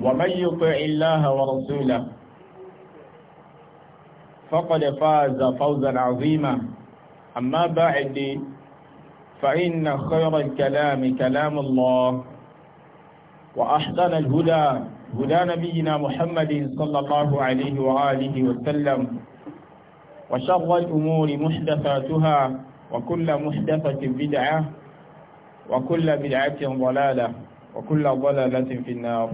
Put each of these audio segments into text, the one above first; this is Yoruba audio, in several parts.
ومن يطع الله ورسوله فقد فاز فوزا عظيما أما بعد فإن خير الكلام كلام الله وأحسن الهدى هدى نبينا محمد صلى الله عليه وآله وسلم وشر الأمور محدثاتها وكل محدثة بدعة وكل بدعة ضلالة وكل ضلالة في النار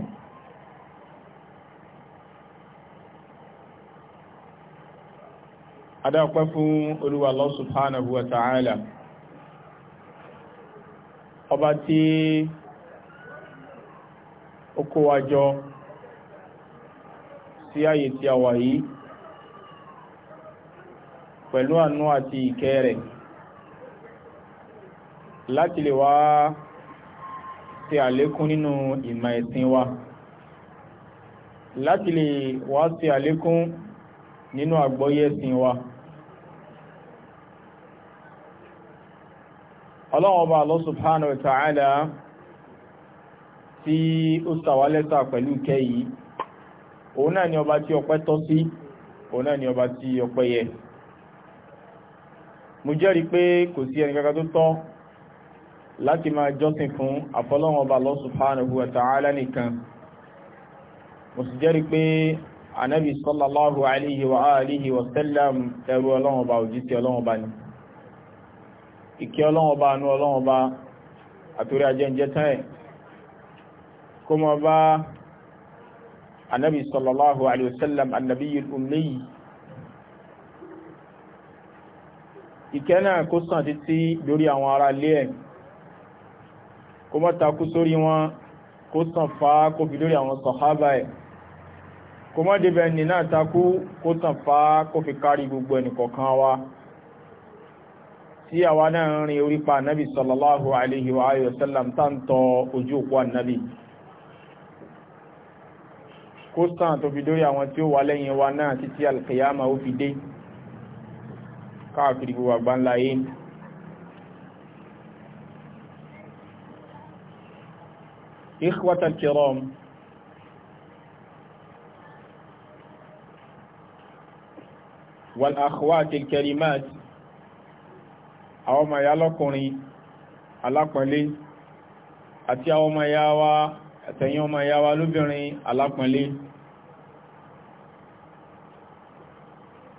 adáwọ̀pẹ́ fún olúwa Allah subhanahu wa ta'ala ọba tí ó kó wa jọ sí ààyè tí a wà yìí pẹ̀lú àánú àti ìkẹ́ rẹ̀ láti lè wá ṣe àlékún nínú ìmọ̀ ẹ̀sìn wa láti lè wá ṣe àlékún nínú àgbọ́yé wa. Láti ọlọ́wọ́ bá Allah subhanahu wa ta'ala tí ó sàwálẹ́sà pẹ̀lú ìkẹ́ yìí òun náà ni ọba tí ọpẹ́ tọ́ sí òun náà ni ọba tí ọpẹ́ yẹ mo jẹ́rìí pé kò sí ẹni kankan tó tọ́ láti máa jọ́sìn fún àfọlọ́wọ́ bá Allah subhanahu wa nìkan mo sì jẹ́rìí pé anabi sallallahu alayhi wa alihi wa sallam ọlọ́wọ́ bá òjíṣẹ́ ọlọ́wọ́ bá ni ìkẹ́ ọlọ́wọ́ bá anú ọlọ́wọ́ bá àtúrí ajẹ́jẹ́ tán ẹ̀ kó mọ bá anábì sallallahu alayhi wa sallam anábì ummi ìkẹ́ náà kó sàn títí lórí àwọn ará ilé ẹ̀ kó mọ́ takú sórí wọn kó sàn fà kó fi lórí àwọn sàhábà ẹ̀ kó mọ́ débẹ̀ ní náà takú kó sàn fà kó fi kárí gbogbo ẹnìkọ̀ọ̀kan wa tí àwa náà rin orí pa ànábì sallallahu alayhi wa alihi wa sallam táǹtọ̀ ojú òpó ànábì kó sàn tó fi dórí àwọn tí ó wà lẹ́yìn wa náà títí alkiyama ó fi dé káàkiri gbogbo àgbáńlá yìí wal akhwat al-karimat àwọn ọmọ ìyá lọ́kùnrin alápọ̀nlé àti àwọn ọmọ ìyá wa àtẹ̀yìn ọmọ ìyá wa lóbìnrin alápọ̀nlé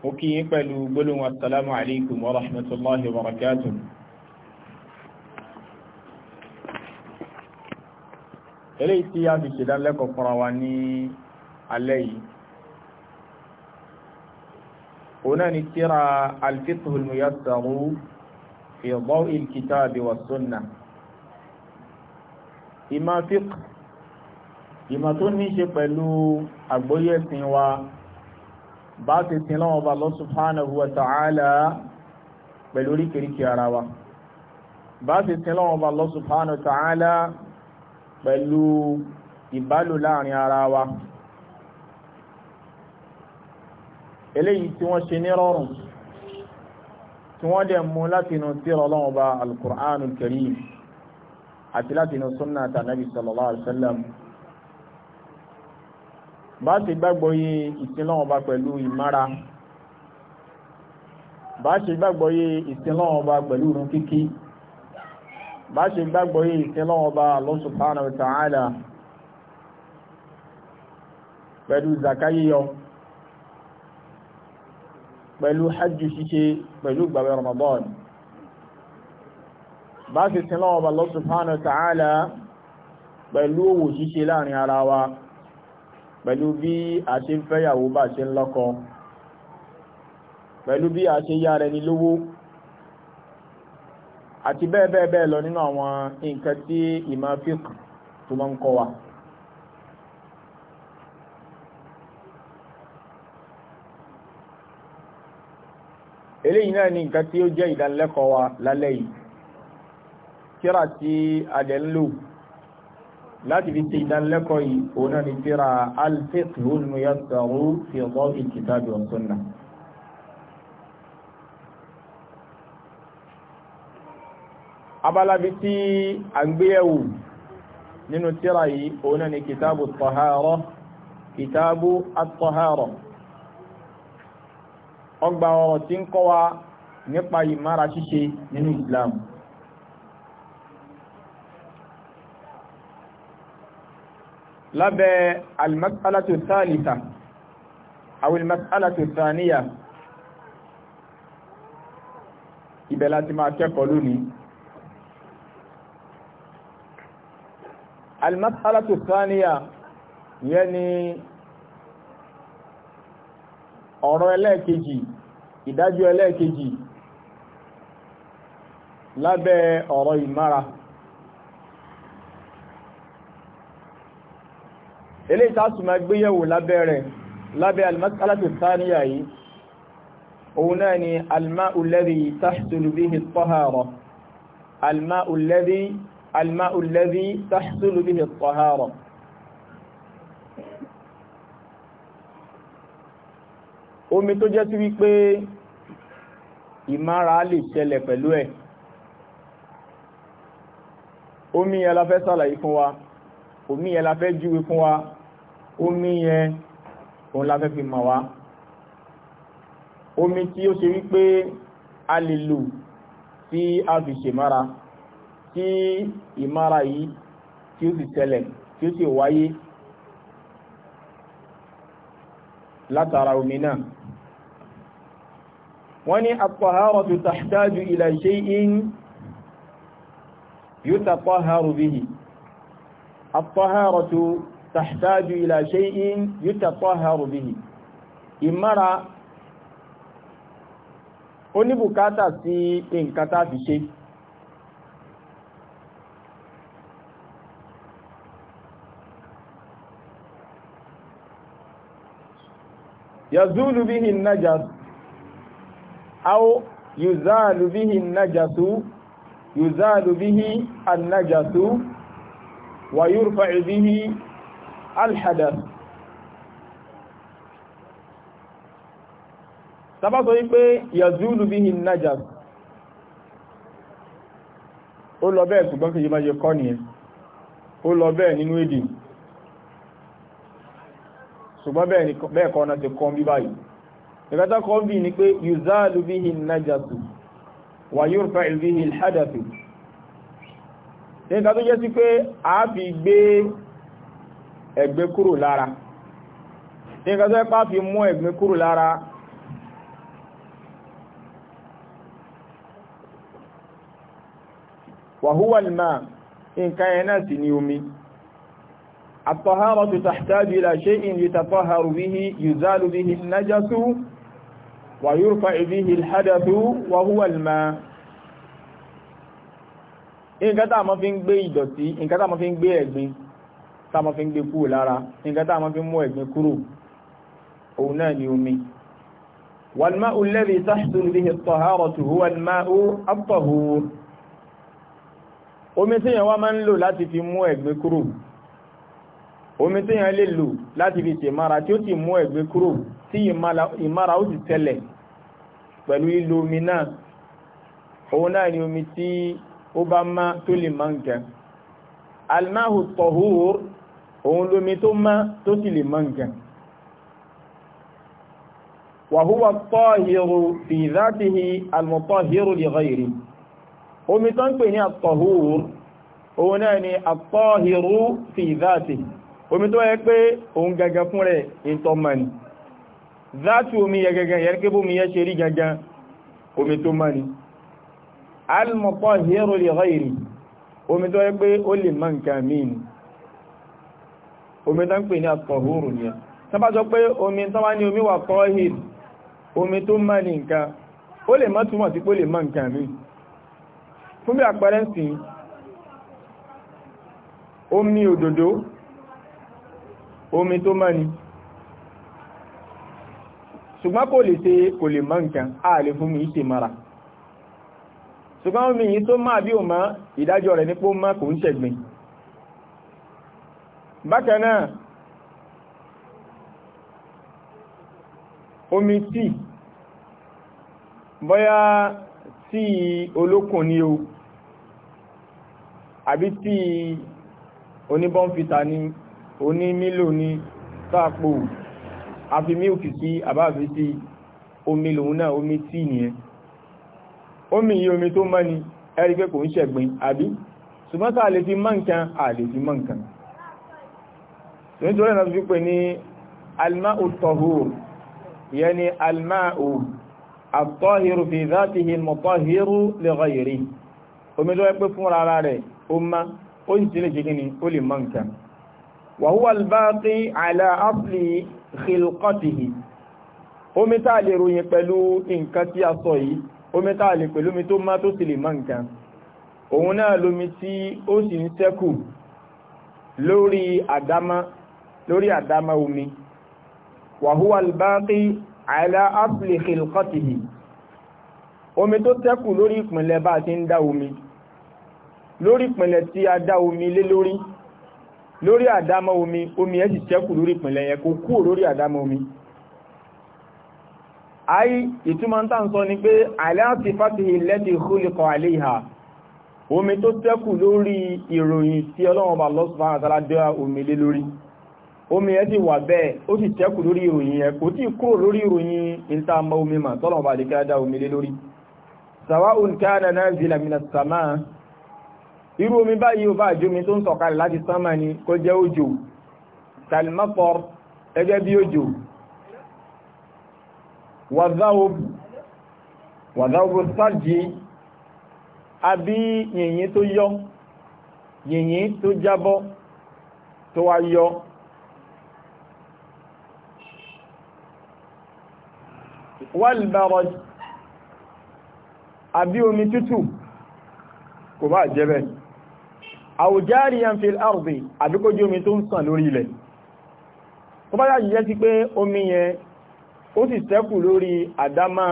ó kí yín pẹ̀lú gbólóhùn assalamu alaikum wa rahmatullahi wa barakatuh eléyìí tí a fi ni tíra al muyassaru fi dawi al-kitabi wa sunnah ìmọ̀ fíkù ìmọ̀ tó ní ṣe pẹ̀lú àgbóyé ẹ̀sìn wa bá ti sin lọ́wọ́ bá Allah subhanahu wa ta'ala pẹ̀lú oríkèríkè ara wa bá ti sin lọ́wọ́ bá Allah subhanahu wa ta'ala pẹ̀lú ìbálò láàrin ara wa eléyìí tí wọ́n ṣe ní rọrùn tí wọ́n dẹ̀ mú láti inú tírà Ọlọ́run Ọba al-Qur'an al-Karim àti láti inú súnà tànàbí sallallahu alaihi wasallam bá ti gbàgbọ́ yé ìsinlọ́wọ́n Ọba pẹ̀lú ìmára bá ṣe gbàgbọ́ yé ìsinlọ́wọ́n Ọba pẹ̀lú ìrun kíkí bá ṣe gbàgbọ́ yé ìsinlọ́wọ́n Ọba Allah subhanahu wa ta'ala pẹ̀lú zakayíyọ pẹ̀lú hajj ṣíṣe pẹ̀lú gbàwẹ̀ Ramadan bá ti sin lọ́wọ́ Allah subhanahu wa ta'ala pẹ̀lú òwò ṣíṣe láàrin ara wa pẹ̀lú bí a ṣe ń fẹ́yàwó bá ṣe ń lọ́kọ pẹ̀lú bí a ṣe yára ẹni lówó àti bẹ́ẹ̀ bẹ́ẹ̀ bẹ́ẹ̀ lọ nínú àwọn nǹkan tí ìmọ̀ fíkù tó máa ń kọ́ wa. eléyìí náà ni nǹkan tí ó jẹ́ ìdánilẹ́kọ̀ọ́ wa lálẹ́ yìí tíra tí adẹ̀ ń lò láti fi ti ìdánilẹ́kọ̀ọ́ yìí òun náà ni tíra al-fiqhul muyassaru fi dawil kitabi wa abalabi tí àgbéyẹ̀wò nínú tíra yìí òun náà ni kitabu at ọgbà ọ̀rọ̀ tí ń kọ́ wa nípa ìmára ṣíṣe nínú Islam lábẹ́ al-mas'alatu thalitha aw al-mas'alatu thaniya ibẹ̀ láti máa kẹ́kọ̀ọ́ lónìí al-mas'alatu thaniya yẹni ọ̀rọ̀ ẹlẹ́ẹ̀kejì ìdájọ́ ẹlẹ́ẹ̀kejì lábẹ́ ọ̀rọ̀ ìmára ilé ìtàtùmọ̀ gbéyẹ̀wò lábẹ́ rẹ̀ lábẹ́ almas'alatu thaniya yìí òun náà ni alma'u alladhi tahsulu bihi at-tahara alma'u alladhi alma'u alladhi tahsulu bihi omi tó jẹ́ sí wípé ìmára lè ṣẹlẹ̀ pẹ̀lú ẹ̀ omi yẹn la fẹ́ sàlàyé fún wa omi yẹn la fẹ́ júwe fún wa omi yẹn òun la fẹ́ fi mọ̀ wá omi tí ó ṣe wípé a lè lò tí a fi ṣèmára tí ìmára yìí tí ó sì ṣẹlẹ̀ tí ó sì wáyé látara omi náà wọ́n ní at-taharatu tahtaju ila shay'in yutataharu bihi at-taharatu tahtaju ila shay'in yutataharu bihi ìmára ó ní bùkátà sí nǹkan fi ṣe yazulu bihi an-najas أو يزال به النجس يزال به النجس ويرفع به الحدث sábàtọ̀ wípé yazulu bihi najas ó lọ bẹ́ẹ̀ ṣùgbọ́n kìí máa yẹ kọ́ nìyẹn ó lọ bẹ́ẹ̀ nínú èdè ṣùgbọ́n bẹ́ẹ̀ kọ́ náà ti kọ́ bí báyìí ìkátá kan bí ni pé yuzalu bihi najasu wa yurfa bihi alhadathu nǹkan tó jẹ́ sí pé a fi gbé ẹ̀gbẹ́ kúrò lára nǹkan tó ẹ́pá fi mú ẹ̀gbẹ́ kúrò lára wa huwa al-ma' nǹkan ẹ̀ náà sì ni omi at-taharatu tahtaju ila shay'in yutataharu bihi yuzalu bihi an-najasu ويرفع به الحدث وهو الماء nǹkan tá a máa fi ń gbé ìdọ̀tí nǹkan tá a máa fi ń gbé ẹ̀gbin tá a máa fi ń gbé kúrò lára nǹkan tá a máa fi ń mú ẹ̀gbin kúrò òun náà ni omi والماء الذي تحصل به الطهارة هو الماء الطهور omi téèyàn wá máa ń lò láti fi mú ẹ̀gbin kúrò omi téèyàn lè lò láti fi ṣèmára tí ó sì mú ẹ̀gbin kúrò tí ìmára ó ti tẹ́lẹ̀ pẹ̀lú ìlò omi náà òun náà ni omi tí ó bá má tó lè má nǹkan almahu tọ̀húhúr òun lómi tó má tó sì lè má nǹkan wàhúwà tọ́hìrù fi dhatihi almutahhiru li ghayri omi tó ń pè ní àtọ̀húhúr òun náà ni àtọ́hìrù fi dhatihi omi tó yẹ pé òun gẹ́gẹ́ fún rẹ̀ ìtọ́mọ̀ záàtù omi yẹ gẹ́gẹ́ yẹ kébù mi yẹ ṣe rí gangan omi tó mọ́ ni al-mutahhiru li ghayri omi tó yẹ pé ó lè mọ́ nǹkan míì ni omi tó ń pè ní at-tahuru ni ẹ sábà sọ pé omi tó wá ní omi wà tahir omi tó mọ́ ni ṣùgbọ́n kò lè ṣe kò lè mọ́ nǹkan a lè fún mi ṣe mara ṣùgbọ́n mi yìí tó máa bí o mọ́ ìdájọ́ rẹ̀ nípò mọ́ kò ń ṣẹ̀gbìn bákan náà omi tí bóyá tí olókùn ni o àbí tí oníbọ́nfìta ni onímílò ni sáàpò àfi mílkì sí àbáàfi sí omi lòun náà omi tí nìyẹn omi yìí omi tó mọ́ ni ẹ̀rí pé kò ń ṣẹ̀gbìn àbí ṣùgbọ́n tá a lè fi mọ́ nǹkan a lè fi mọ́ nǹkan nítorí náà fi pè ní alma'u tahur ìyẹn ni alma'u àtọ́hìrù fi dhatihi mọ̀tọ́hìrù khilqatihi omi tá a lè ròyìn pẹ̀lú nǹkan tí a sọ yìí omi tá a lè pẹ̀lú omi tó má tó sì lè má nǹkan òun náà lómi tí ó sì ń ṣẹ́kù lórí àdámá lórí àdámá omi wa huwa al-baqi ala omi tó ṣẹ́kù lórí ìpìnlẹ̀ bá ti ń dá omi lórí ìpìnlẹ̀ tí a dá omi lé lórí lórí àdámọ́ omi omi ẹ̀ sì tẹ́kù lórí ìpìnlẹ̀ yẹn kò kúrò lórí àdámọ́ omi ayi ìtumọ̀ ń tàn sọ ni pé aláàtì fàtìhì lẹ́tì húlikọ̀ àléhà omi tó tẹ́kù lórí ìròyìn tí ọlọ́run bá Allah subhanahu wa ta'ala dá omi lé lórí omi ẹ̀ sì wà bẹ́ẹ̀ ó sì irú omi báyìí ò bá jómi tó ń sọ̀kalẹ̀ láti sánmà ni kó jẹ́ òjò kalmator ẹgẹ́ bí òjò wàzáwò sájì àbí yìnyín tó yọ yìnyín tó jábọ́ tó wá yọ wàlbàrọ̀ àbí omi tútù kò bá jẹ́ bẹ́ẹ̀ aw jariyan fil ardi àbí kó jẹ́ omi tó ń sàn lórí ilẹ̀ tó bá yàjí jẹ́ sí pé omi yẹn ó sì sẹ́kù lórí àdámá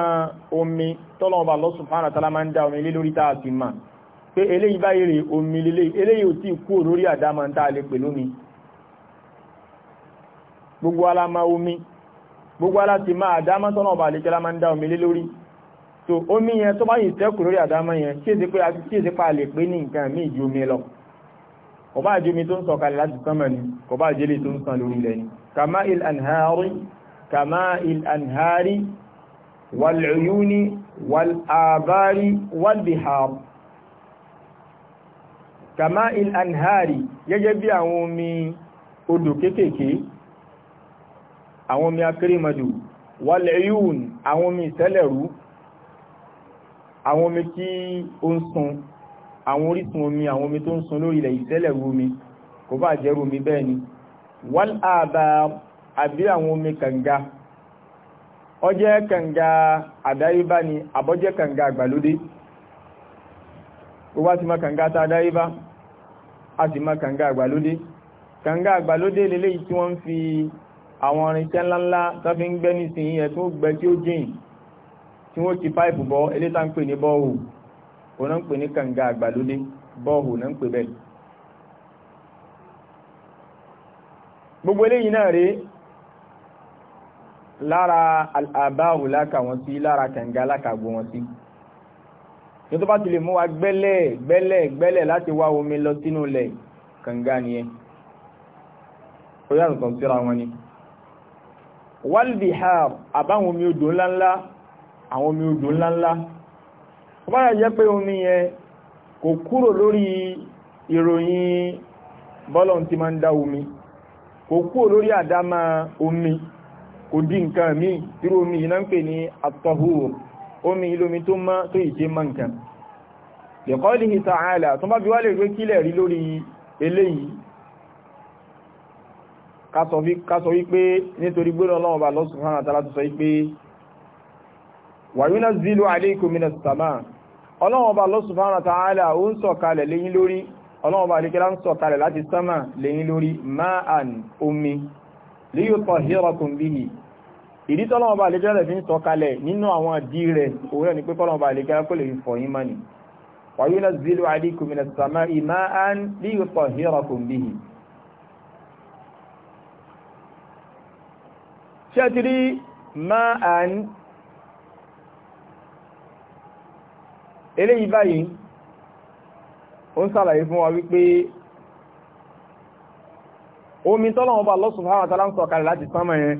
omi tọ́lọ́ọ̀bà Allah subhanahu wa ta'ala máa ń dá omi lé lórí táà ti máa pé eléyìí báyìí rè omi lélé eléyìí ò tí kú lórí so omi yẹn tó bá yìí sẹ́kù lórí àdámá yẹn kí èsì pé a lè pè ní nǹkan míì ju omi lọ kò bá jẹ́ omi tó ń sọ̀kalẹ̀ láti sánmà ni kò bá jẹ́ lè tó ń sàn lórí ilẹ̀ ni kàmá il anhari kàmá il anhari wal'uyuni wal'abari walbihar kàmá il anhari gẹ́gẹ́ bí àwọn omi odò kéékèèké àwọn omi akérèmọdò wal'uyun àwọn omi ìtẹ́lẹ̀rú àwọn omi tí ó ń sun àwọn orísun omi àwọn omi tó ń sun lórí ilẹ̀ ìtẹ́lẹ̀ rú omi kò bá jẹ́ rú omi bẹ́ẹ̀ ni wal àbá àbí àwọn omi kànga ọjẹ́ kànga àdáyébá ni àbọ́jẹ́ kànga àgbàlódé ó wá ti ma kànga ta àdáyébá a sì ma kànga àgbàlódé kànga àgbàlódé lélẹ́yìí tí wọ́n ń fi àwọn irinṣẹ́ ńláńlá tó fi ń gbẹ́ nísìnyí ẹ̀ tó gbẹ́ tí ó jìn tí wọ́n ti páìpù bọ́ eléta ní bọ́ọ̀hù òun náà ń pè ní kànga àgbàlódé bọ́ọ̀hù náà ń pè bẹ́ẹ̀ gbogbo eléyìí náà rèé lára àbáhù láka wọn sí lára kànga lákàgbò wọn sí ní tó bá ti lè mú wa gbẹ́lẹ̀ gbẹ́lẹ̀ gbẹ́lẹ̀ láti wá omi lọ sínú ilẹ̀ kànga nìyẹn ó yàtọ̀ tọ̀ síra wọn ni wal bihar omi odò ńláńlá àwọn omi odò ńláńlá tó bá jẹ́ pé omi yẹn kò kúrò lórí ìròyìn bọ́lọ̀n tí máa ń dá omi kò kúrò lórí àdámà omi kò dí nǹkan míì tíró omi yìí náà ń pè ní àtọ̀húrò omi ilomi tó mọ́ tó ìṣe mọ́ nǹkan liqawlihi ta'ala tó bá bí wá lè gbé kílẹ̀ rí lórí eléyìí kásọ wípé nítorí gbé ọlọ́run bá lọ́sùn hàn àtàlá wípé wa yunazzilu alaykum minas samaa ọlọ́wọ́n bá Allah subhanahu wa ta'ala ó ń sọ̀kalẹ̀ lẹ́yìn lórí ọlọ́wọ́n bá alékẹ́lá ń sọ̀kalẹ̀ láti sánmà lẹ́yìn lórí ma'an omi li yutahhirakum bihi ìdí tọ́lọ́wọ́n bá alékẹ́lá fi ń sọ̀kalẹ̀ nínú àwọn àdí eléyìí báyìí ó ń sàlàyé fún wa wípé omi tọ́lọ̀wọ́n bá Allah subhanahu wa ta'ala ń sọ̀kalẹ̀ láti sánmà yẹn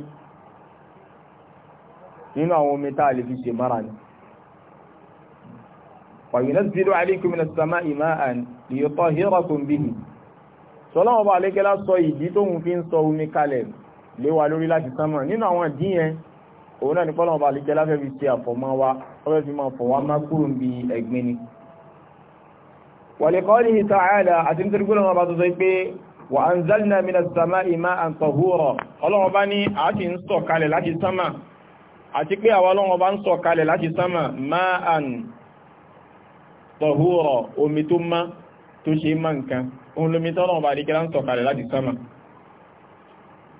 nínú àwọn omi tá a lè fi ṣe mara ni wa yunazzilu alaykum minas sama'i ma'an liyutahhirakum bihi tọ́lọ̀wọ́n bá alẹ́kẹ́lá sọ ìdí tóun fi ń sọ omi kalẹ̀ léwa lórí láti sánmà nínú àwọn ìdí yẹn òun náà ní pọ́lọ̀ ọba àlejò aláfẹ́ fi ṣe àfọ̀mọ́ wa ọbẹ̀ fi máa fọ̀ wá má kúrò ń bi ẹ̀gbin ni. waliqawlihi ta'ala àti nítorí gbọ́dọ̀ ọba tó sọ pé wa anzalna minas sama'i ma'an tahura ọlọ́run ọba ní àti ń sọ̀ kalẹ̀ láti sánmà àti pé àwọn ọlọ́run ma'an tahura omi tó má tó ṣe má nǹkan òun lomi tọ́lọ́run ọba àlejò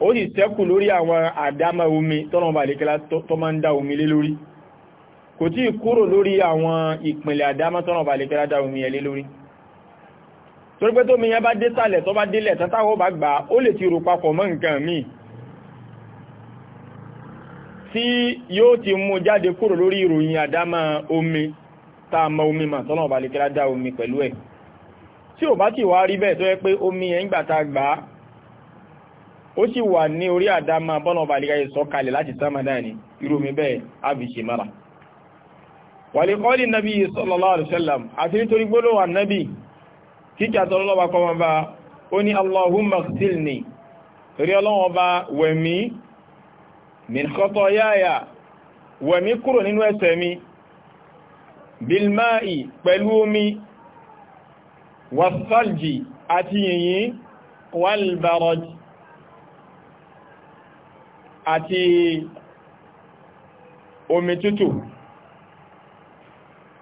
ó sì sẹ́kù lórí àwọn àdámà omi tọ́nà bàlékẹ́lá tó máa ń dá omi lé lórí kò tí kúrò lórí àwọn ìpìnlẹ̀ àdámà tọ́nà bàlékẹ́lá dá omi ẹlé lórí torí pé tó mi yẹn bá dé sàlẹ̀ tó bá délẹ̀ tátàwọ́ bá gbà ó lè ti rò papọ̀ mọ́ nǹkan míì tí yóò ti mú jáde kúrò lórí ìròyìn àdámà ò bá ti wá rí bẹ́ẹ̀ tó yẹ pé omi yẹn gbà ta gbàá ó sì wà ní orí àdámà bọ́nà ọbàlìkà ìsọ́kalẹ̀ láti sámàdá ní irú mi bẹ́ẹ̀ àbìṣe mara wàlìkọ́lì nàbí sallallahu alaihi wasallam àti nítorí gbólówà nàbí kíkà tọ́lọ́lọ́wà kọ́ wọn bá ó ní allahumma ighsilni torí ọlọ́wọ́ bá wẹ̀mí min khatayaaya wẹ̀mí kúrò nínú ẹ̀ṣẹ̀ mi bilma'i pẹ̀lú omi wasalji àti yìnyín walbaraj àti omi tútù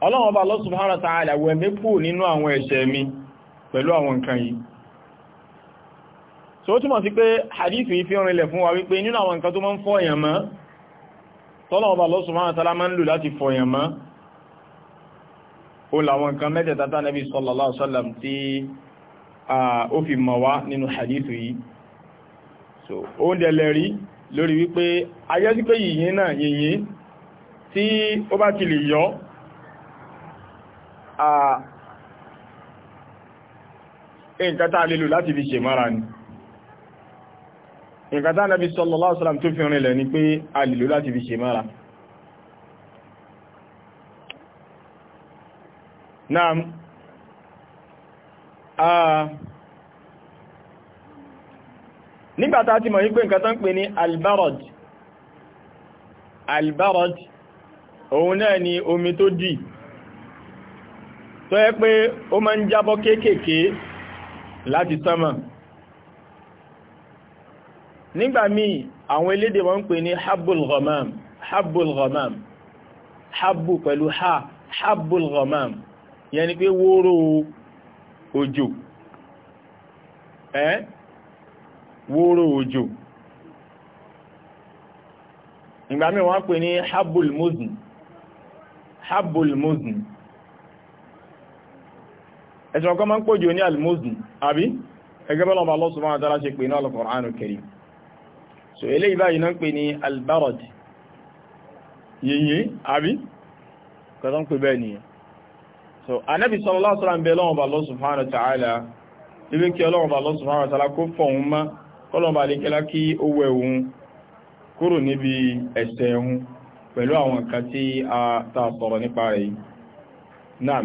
ọlọ́run ọba Allah subhanahu wa ta'ala wẹ̀ mí kú nínú àwọn ẹ̀ṣẹ̀ mi pẹ̀lú àwọn nǹkan yìí so ó túnmọ̀ sí pé hadithu yìí fi rinlẹ̀ fún wa wípé nínú àwọn nǹkan tó máa ń fọ́ èèyàn mọ́ tọ́lọ́run ọba Allah subhanahu wa ta'ala máa ń lò láti fọ́ èèyàn mọ́ ó làwọn nǹkan mẹ́tẹ̀ẹ̀ta tá Nabi sallallahu alaihi wasallam tí ó fi mọ̀ wá so ó ń dẹ̀lẹ̀ lórí wípé ayẹ́sí pé yìnyín náà yìnyín tí ó bá ti lè yọ́ à nǹkan tá lè lò láti fi ṣe mara ni nǹkan tá Ànábì sallallahu alaihi tó fi rìnlẹ̀ ni pé a láti fi ṣe mara naam ah nígbàtá ti mọ̀ yí pé nǹkan tán pè ní albarod albarod òun náà ni omi tó dì tó yẹ pé ó máa ń jábọ́ kéékèèké láti sánmà nígbà míì àwọn elédè wọ́n ń pè ní habbul ghamam habbul pẹ̀lú ha habbul yẹni pé wóró òjò eh? wóró òjò ìgbà míì wọ́n pè ní habul muzn habul muzn ẹ̀sùn ọkọ̀ máa ń pòjò ní al-muzn àbí ẹgbẹ́ bọ́lọ̀ bá Allah subhanahu wa ta'ala ṣe pè ní al-Qur'an al-Karim so eléyìí báyìí náà pè ní al-barad yìnyín àbí kọ́tọ́ ń pè bẹ́ẹ̀ nìyẹn so anábì sallallahu kọ́lọ̀mbà àdékẹ́lá kí ó wẹ òun kúrò níbi ẹ̀ṣẹ̀ òun pẹ̀lú àwọn nǹkan tí a ta sọ̀rọ̀ nípa rẹ̀ yìí náà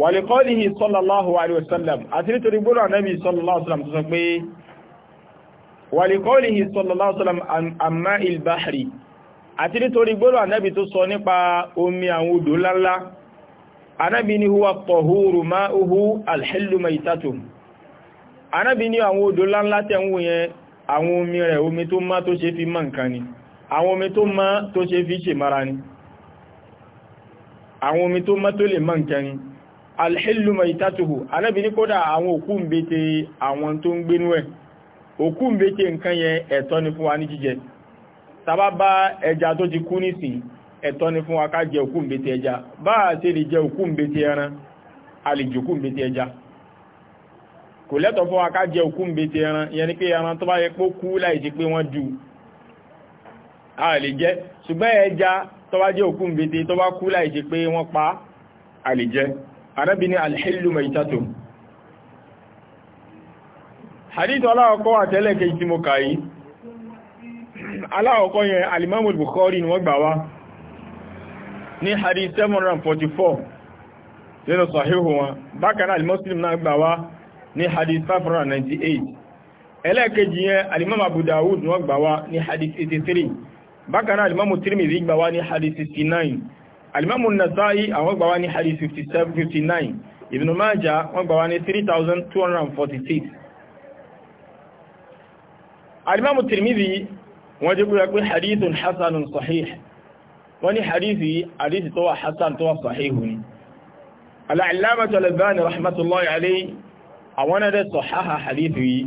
wàlìkọ́lìhì sallallahu alaihi wasallam àti nítorí gbọ́nà náàbì sallallahu alaihi tó sọ pé àti nítorí gbọ́rọ̀ ànábì tó sọ nípa omi àwọn odò ńláńlá ànábì ni huwa pọ̀húrù máa uhu alhílùmọ̀ ìtàtò ànábì ni àwọn odò ńláńlá tẹ́wù yẹn àwọn omi rẹ̀ omi tó má tó ṣe fi mọ́ nǹkan ni àwọn omi tó má tó ṣe fi ṣe mara ni àwọn omi tó má tó lè mọ́ nǹkan ni alhílùmọ̀ ìtàtò ànábì ni kódà àwọn òkú ń bete àwọn tó ń gbénú ẹ̀ òkú ń bete nǹkan yẹn ẹ̀tọ́ ni fún wa ní jíjẹ tàbá bá ẹja tó ti kú nísìn ẹ̀tọ́ ni fún wa ká jẹ òkú mbétí ẹja bá a ṣe lè jẹ òkú mbétí ẹran a lè jẹ òkú mbétí ẹja kò lẹ́tọ̀ fún wa ká jẹ òkú mbétí ẹran yẹn ni pé ẹran tó bá yẹ pé ó kú láì sí pé wọ́n ju a lè jẹ ṣùgbọ́n ẹja tó bá jẹ òkú mbétí tó bá kú láì sí pé wọ́n pa a lè jẹ arábí ni alhílù maitato hadith ọlọ́ọ̀kọ́ àtẹ́lẹ̀kẹ́ tí mo aláwọ̀kọ́ yẹn alimamul Bukhari ni wọ́n gbà wá ní hadith 744 nínú sahihu wọn bákan náà alimuslim náà gbà wá ní hadith 598 ẹlẹ́ẹ̀kejì yẹn alimam Abu Dawud ni wọ́n gbà wá ní hadith 83 bákan náà alimamu Tirmidhi gbà wá ní hadith 69 alimamu Nasa'i àwọn gbà wá ní hadith 57 59 Ibn Majah wọ́n gbà wá ní 3246 alimamu Tirmidhi wọ́n jẹ́ kúrò pé hadithun hassanun sahih wọ́n ni hadithi hadithi tó wà hassan tó wà sahihu ni al'alamata al-albani rahmatullahi alayhi a wani da sahaha hadithi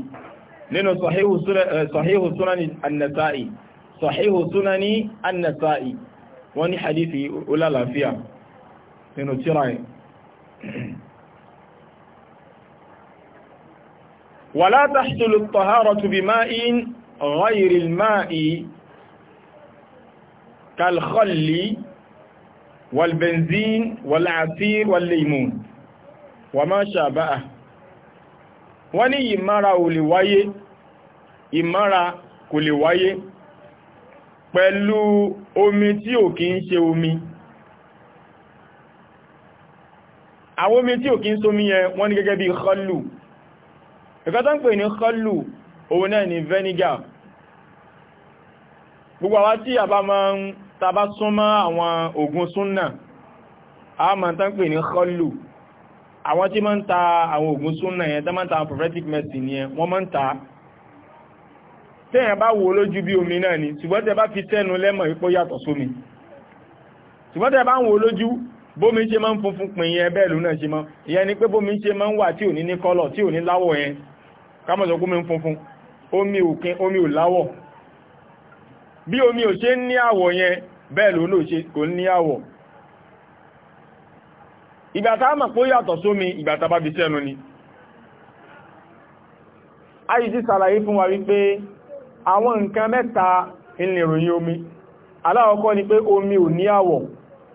nínú sahihu sunani eh, annasa'i sahihu sunani annasa'i wọ́n ni hadithi ula lafiya nínú tirai wala tahsulu at-taharatu غير الماء كالخل والبنزين والعصير والليمون وما شابه. وني ní ìmára ò lè wáyé ìmára kò lè wáyé pẹ̀lú omi tí ò kí ń ṣe omi àwọn omi tí ò kí ń ṣe omi yẹn wọ́n ní gẹ́gẹ́ bí khallu ẹ̀kọ́ tó pè ní khallu òun náà ni vinegar gbogbo àwa tí a bá máa ń tàbá súnmọ́ àwọn ògùn súnnà a máa tán pè ní kọlù àwọn tí máa ń ta àwọn ògùn súnnà yẹn tán máa ń ta prophetic medicine yẹn wọ́n máa ń ta tẹ́yàn bá wo lójú bí omi náà ni ṣùgbọ́n tẹ́ bá fi tẹ́nu lẹ́mọ̀ ipò yàtọ̀ sómi ṣùgbọ́n tẹ́ bá ń wo lójú bómi ṣe máa ń funfun pin yẹn bẹ́ẹ̀ lónà ṣe máa ìyẹn ni pé bómi ṣe máa ń wà tí ò ní ní kọ́lọ̀ tí ò ní láwọ̀ yẹn ká má sọ gómi funfun omi òkin omi ò láwọ̀ bí omi ò ṣe ń ní àwọ̀ yẹn bẹ́ẹ̀ ló ló ṣe kò ní àwọ̀ ìgbàtà àmà pó yàtọ̀ sómi ìgbàtà bá bí sẹ́nu ni ayì sí sàlàyé fún wa wípé àwọn nǹkan mẹ́ta ìlèròyìn omi aláwọ̀kọ́ ni pé omi ò ní àwọ̀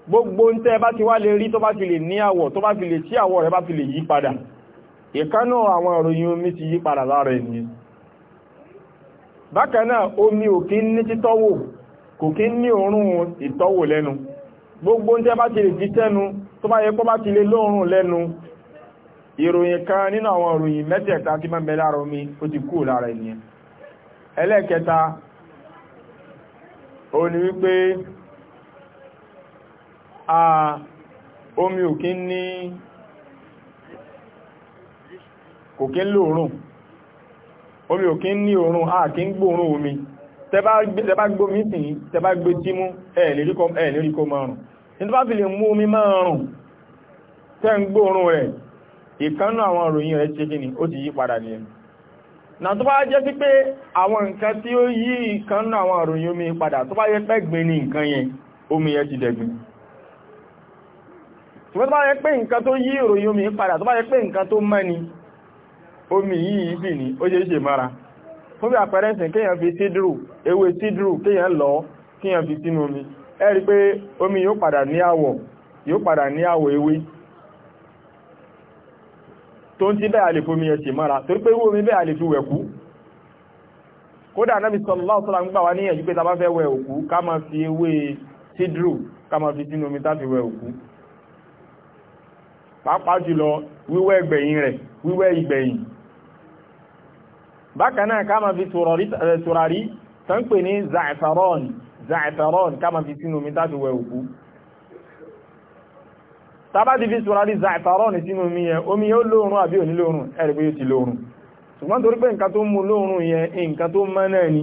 gbogbo ń tẹ́ bá ti wá lè rí tó bá ti lè ní àwọ̀ tó bá ti lè tí àwọ̀ rẹ̀ bá ti lè yí ìkánú àwọn ìròyìn omi ti yí lára ènìyàn bákan omi ò kí ní títọ́wò kò kí ní òórùn ìtọ́wò lẹ́nu gbogbo ń bá ti lè fi tó bá yẹ bá ti lè lóòrùn lẹ́nu ìròyìn kan nínú àwọn òròyìn mẹ́tẹ̀ẹ̀ta tí máa omi ti lára ènìyàn a omi ò omi ò kí ń ní òórùn a kí ń gbóòórùn omi tẹ́bá gbómi sí tẹ́bá gbé tímú ẹ̀ lérí kó márùn ní tó bá fi lè mú omi márùn tẹ́ ń gbóòórùn rẹ̀ ìkánú àwọn ìròyìn rẹ̀ ṣe kíni ó ti yí padà ní ẹnu na tó bá jẹ́ sí pé àwọn nǹkan tí ó yí ìkánú àwọn ìròyìn omi padà tó bá yẹ pẹ́ gbin ní nǹkan yẹn omi yẹn ti dẹ̀gbin ṣùgbọ́n tó bá yẹ pé nǹkan tó yí ìròyìn omi padà tó bá yẹ pé nǹkan tó mẹ́ni omi yìí bì ní ó ṣeéṣe mara fún bí àpẹẹrẹ ìsìn kéèyàn fi sídùrù ewé sídùrù kéèyàn lọ kéèyàn fi sínú omi ẹ rí pé omi yóò padà ní àwọ̀ yóò padà ní àwọ̀ ewé tó ń tí bẹ́ẹ̀ a lè fomi ẹ̀ mara torí pé irú omi bẹ́ẹ̀ a lè fi wẹ̀kú kódà náà bí sallallahu alaihi wasallam ń gbà wá níyànjú pé tàbá fẹ́ wẹ òkú ká máa fi ewé sídùrù ká máa fi sínú omi tàbí wẹ òkú pàápàá jùlọ wíwẹ̀ ìgbẹ̀yìn rẹ̀ wíwẹ̀ ìgbẹ̀yìn bákan kama ká máa fi eh, tùràrí tó ń pè ní za'faron za'faron ká máa fi sínú omi tá a fi wẹ òkú tábà ti fi tùràrí za'faron sínú omi yẹn omi yóò lóòrùn àbí òní lóòrùn ẹ̀rì pé yóò ti lóòrùn ṣùgbọ́n torí pé nǹkan tó mú lóòrùn yẹn nǹkan tó mọ́ náà ni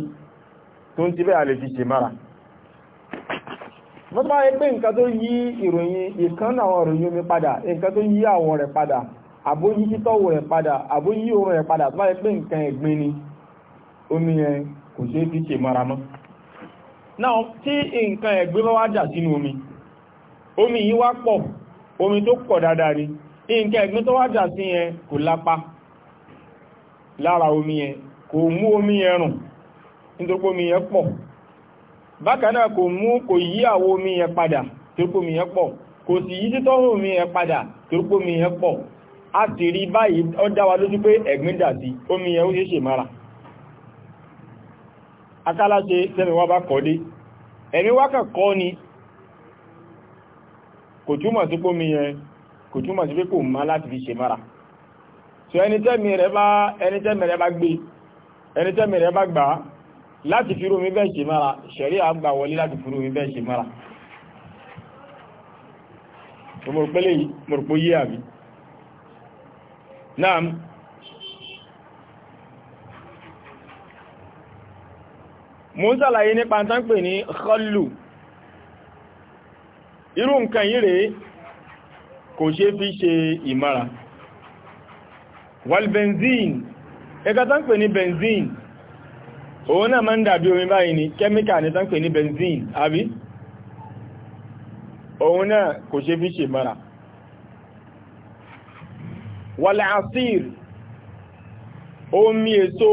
tó ń ti bẹ́ẹ̀ a fi ṣe mára wọ́n bá yẹ pé nǹkan tó yí ìròyìn ìkan àwọn ìròyìn omi padà nǹkan tó yí àwọn rẹ̀ padà àbóyí títọ́wò rẹ̀ padà àbóyí oòrùn rẹ̀ padà tó bá yẹ pé nǹkan ẹ̀gbin ni omi ẹ kò ṣe fi mara mọ́ náà tí nǹkan ẹ̀gbin bá wá dà sínú omi omi yìí pọ̀ omi tó pọ̀ dáadáa ni nǹkan ẹ̀gbin tó wá sí yẹn kò omi yẹn kò mú omi yẹn rùn nítorí omi yẹn pọ̀ bákan náà kò mú kò yí omi yẹn padà torí omi yẹn pọ̀ kò sì yí omi yẹn omi yẹn pọ̀ a sì rí báyìí ó dá wa lójú pé ẹ̀gbín dà sí omi yẹn ó ṣe ṣe mara akáláṣe sẹ́mi wá bá kọ́ dé ẹ̀mí wákà kọ́ ni kò túmọ̀ sí pómi yẹn kò túmọ̀ sí pé kò má láti fi ṣe mara so ẹni tẹ́mi rẹ̀ bá ẹni tẹ́mi rẹ̀ bá gbé ẹni tẹ́mi rẹ̀ bá gbà láti fi rómi bẹ́ẹ̀ ṣe mara ṣẹ̀rí àgbà wọlé láti fi rómi bẹ́ẹ̀ ṣe mara mo rò pé yé àbí náà mo ń sàlàyé nípa tán pè ní khallu irú nǹkan yìí rèé kò ṣe fi ṣe ìmára walbenzin ẹka tán pè ní omi báyìí ni kẹ́míkà ní tán pè ní benzin àbí òun náà kò ṣe fi ṣe ìmára wàlẹ̀ asir omi èso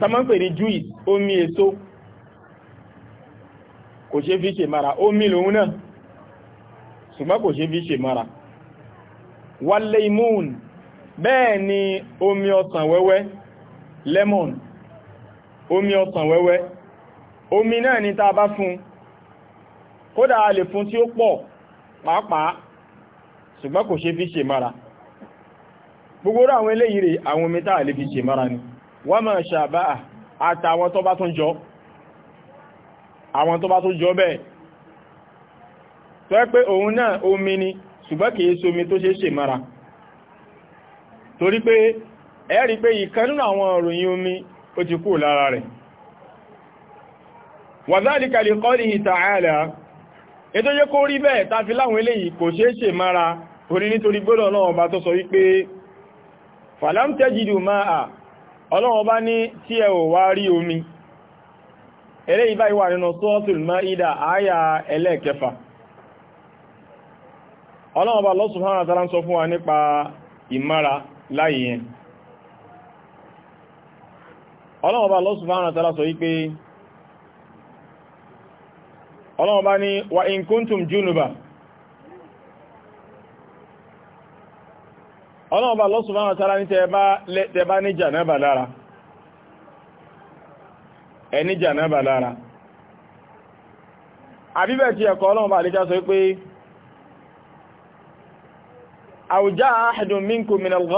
tamánpè ní juice omi èso kò ṣe fi ṣe mara omi lòun náà ṣùgbọ́n kò ṣe fi ṣe mara wàlẹ̀ imun bẹ́ẹ̀ ni omi ọsàn wẹ́wẹ́ lemon omi ọsàn wẹ́wẹ́ omi náà ni tá bá fún kódà a lè fún tí ó pọ̀ pàápàá ṣùgbọ́n kò ṣe fi ṣe mara gbogbo orú àwọn eléyìí rẹ̀ àwọn omi táà lè fi ṣe mara ni wọ́n máa ṣàbá àtàwọn tó bá tún jọ àwọn tó bá tún jọ bẹ́ẹ̀ tó ẹ́ pé òun náà omi ni ṣùgbọ́n kìí ṣe omi tó ṣe ṣe mara torí pé ẹ̀rí pé ìkan nínú àwọn òròyìn omi ó ti kú lára rẹ̀ wàzálìkà lè kọ́ ní ta'ala ètò yẹ kó rí bẹ́ẹ̀ tàfi láwọn eléyìí kò ṣeé ṣe mara orí nítorí gbọ́dọ̀ náà ọba tó sọ wípé falam tajidu máa ọlọ́wọ́ bá ní tí ẹ̀wọ̀ wá rí omi eré ìbá ìwà nínú suratul Maida àáyà ẹlẹ́ẹ̀kẹfà ọlọ́wọ́ bá lọ́sùn subhanahu wa ń sọ fún wa nípa ìmára láyé ọlọ́wọ́ ọlọ́run ọba lọ́sùn máa tààrà ní tẹba ní jànábà lára ẹni jànábà lára àbíbẹ̀ tí ẹ̀kọ́ ọlọ́run bá lẹ́já sọ pé àwùjá ahadun minkum min al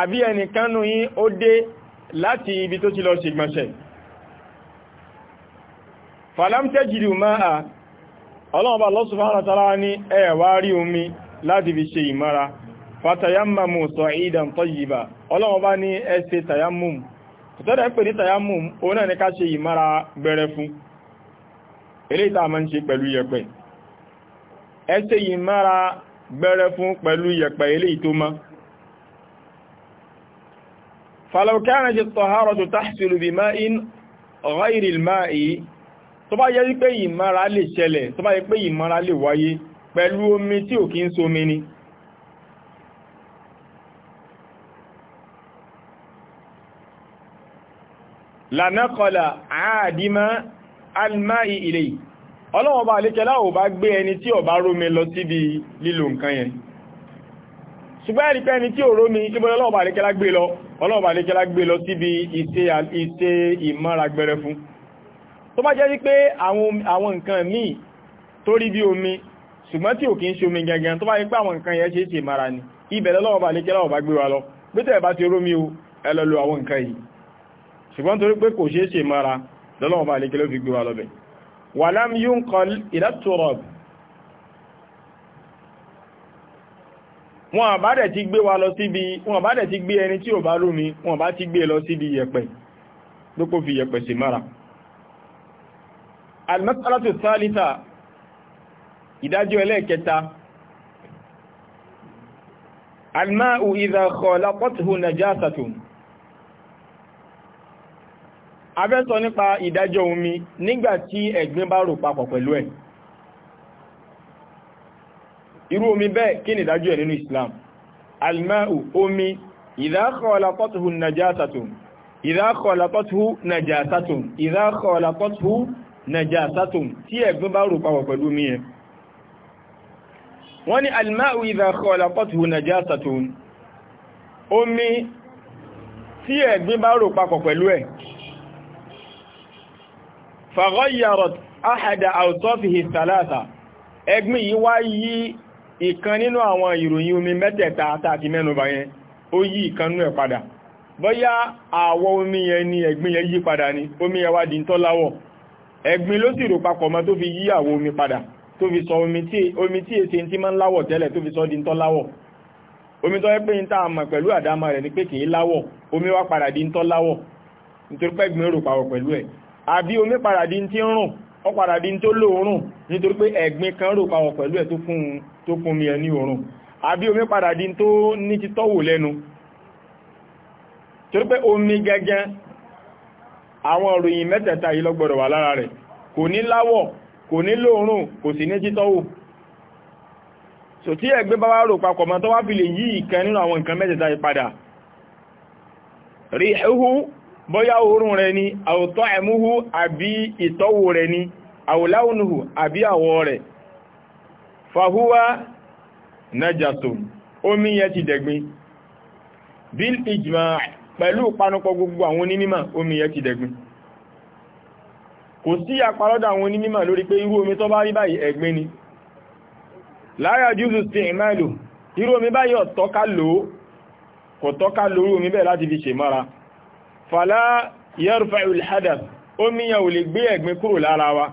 àbí ẹnìkanú yí ó dé láti ibi tó ti lọ ṣègbọ̀nsẹ̀ falam tajidu ma'a ọlọ́run bá lọ́sùn máa tara ní ẹ̀wà omi láti fi ṣe ìmára fatayammamu sa'idan tayyiba ọlọ́run bá ní ẹ ṣe tayammum tọ́dẹ̀ pè ní tayammum òun náà ní ká ṣe ìmára gbẹrẹfú fún eléyìí tá a máa ń ṣe pẹ̀lú yẹ̀pẹ̀ ẹ ṣe ìmára gbẹrẹfú pẹ̀lú yẹ̀pẹ̀ eléyìí tó mọ́ falau kanat at-taharatu tahsulu bima'in ghayri al lànàkọlà àádìmá almáì ilé ọlọ́wọ́ bá alékẹ́lá ò bá gbé ẹni tí ó bá rómi lọ síbi lílo nǹkan yẹn ṣùgbọ́n ẹ̀rí pé ẹni tí ò rómi ìbọn ọlọ́wọ́ bá alékẹ́lá gbé lọ ọlọ́wọ́ bá alékẹ́lá gbé lọ síbi ìṣe ìmọ́ra gbẹrẹ fún tó bá jẹ́ wípé àwọn nǹkan míì tó rí bí omi ṣùgbọ́n tí ò kí ń ṣe omi gangan tó bá yẹ pé àwọn nǹkan yẹn ṣe é ṣe ìmọ́ra ni ibẹ̀ lọ́wọ́ bá alékẹ́lá ò bá gbé wa lọ pé tẹ́ẹ̀ bá ti rómi o ẹ lọ lo àwọn nǹkan yìí ṣùgbọ́n torí pé kò ṣeé ṣe mara lọ́lọ́wọ́ bá lè kí ló fi gbé wa lọ́bẹ̀ walam yunqal ila turab wọn àbá ti gbé wa lọ síbi wọn àbá ti gbé ẹni tí ò bá lómi wọn àbá ti gbé e lọ síbi yẹ̀pẹ̀ lókò fi yẹ̀pẹ̀ sí mara almasalatu salita abẹ́sọ nípa ìdájọ́ omi nígbàtí ẹ̀gbin bá rò papọ̀ pẹ̀lú ẹ̀ irú omi bẹ́ẹ̀ kí ni ìdájọ́ ẹ̀ nínú Islam alma'u omi idha khalaqathu najasatun idha khalaqathu najasatun idha khalaqathu najasatun tí ẹ̀gbin bá rò papọ̀ pẹ̀lú omi yẹn wọ́n ní alma'u idha khalaqathu najasatun omi tí ẹ̀gbin bá rò papọ̀ pẹ̀lú ẹ̀ faghayyarat ahada awsafihi thalatha ẹgbìn yìí wá yí ìkan nínú àwọn ìròyìn omi mẹ́tẹ̀ẹ̀ta àti mẹ́nubà yẹn ó yí ìkan nú ẹ̀ padà bọ́yá àwọ̀ omi yẹn ni ẹ̀gbìn yẹn yí padà ni omi yẹn wá di tọ́ láwọ̀ ẹ̀gbìn ló sì rò papọ̀ mọ́ tó fi yí àwọ̀ omi padà tó fi sọ omi tí èsè tí máa ń láwọ̀ tẹ́lẹ̀ tó fi sọ di tọ́ láwọ̀ omi tó pé ń tà àmọ̀ pẹ̀lú àdámà rẹ̀ ni pé kì láwọ̀ omi wá padà di tọ́ láwọ̀ nítorí pẹ́gbìn rò papọ̀ pẹ̀lú ẹ̀ àbí omi paradí tí ń rùn ọ paradí tó lóòrùn nítorí pé ẹ̀gbin kan rò pàwọn pẹ̀lú ẹ̀ tó fún mi ẹ ní òórùn àbí omi paradí tó ní ti tọ́wò lẹ́nu torí pé omi gẹ́gẹ́ àwọn ìròyìn mẹ́tẹ̀ẹ̀ta yìí ló gbọ́dọ̀ wà lára rẹ̀ kò ní láwọ̀ kò ní lóòrùn kò sì ní títọ́wò so tí ẹgbẹ́ bá wá rò papọ̀ mọ́ tó wá fi lè yí ìkan nínú àwọn nǹkan mẹ́tẹ̀ẹ̀ta yìí padà rihuhu bóyá òórùn rẹ̀ ni àwòtọ́ ẹ̀múhú àbí ìtọ́wò rẹ̀ ni àwòláwùnúhù àbí àwọ̀ rẹ̀ fàhúwá najasun omi yẹ ti dẹ̀gbin bil ijma pẹ̀lú panupọ̀ gbogbo àwọn onímọ̀ omi yẹ ti dẹ̀gbin kò sí àparọ́dà àwọn onímọ̀ lórí pé irú omi tó bá rí báyìí ẹ̀gbin ni la yajuzu isti'malu irú omi báyìí ọ̀tọ́ká lòó kò tọ́ká lórí omi bẹ́ẹ̀ láti fi ṣe fàlá yẹ́rùfà ìlhádàb omi yẹn ò lè gbé ẹ̀gbin kúrò lára wa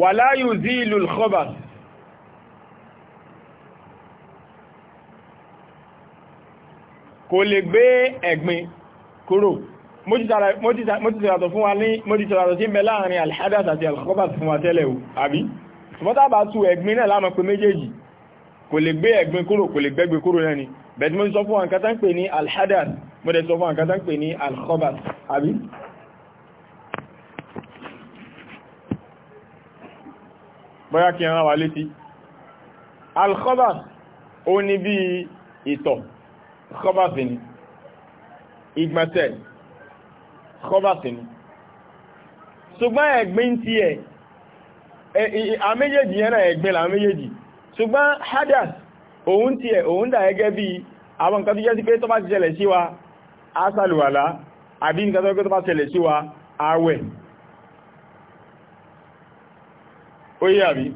wàlá yuzilu al-khabath kò lè gbé ẹ̀gbin kúrò mo ti ṣàlàyé fún wa ní mo ti ṣàlàyé tí ń bẹ láàrin alhadath àti alkhabath fún wa tẹ́lẹ̀ o àbí kò lè gbé ẹ̀gbin kúrò kò lè gbẹ́gbin kúrò náà ni bẹ̀tí mo sọ fún wa nǹkan tán pè ní alhadas mo dẹ̀ sọ fún wa nǹkan tán pè ní alkhobas àbí bóyá kí ẹran wà létí alkhobas ó ní bí ìtọ̀ khobas ni ìgbọ̀nsẹ̀ ṣùgbọ́n ẹ̀gbin ti ẹ̀ àméjèèjì yẹn náà ẹ̀gbin làméjèèjì ṣùgbọ́n hadath òun tí ẹ̀ òun dà gẹ́gẹ́ bí àwọn nǹkan tó jẹ́ sí pé tó bá ti ṣẹlẹ̀ sí wa asàlùwàlá àbí nǹkan tó bá ṣẹlẹ̀ sí wa àwẹ̀ ó yé àbí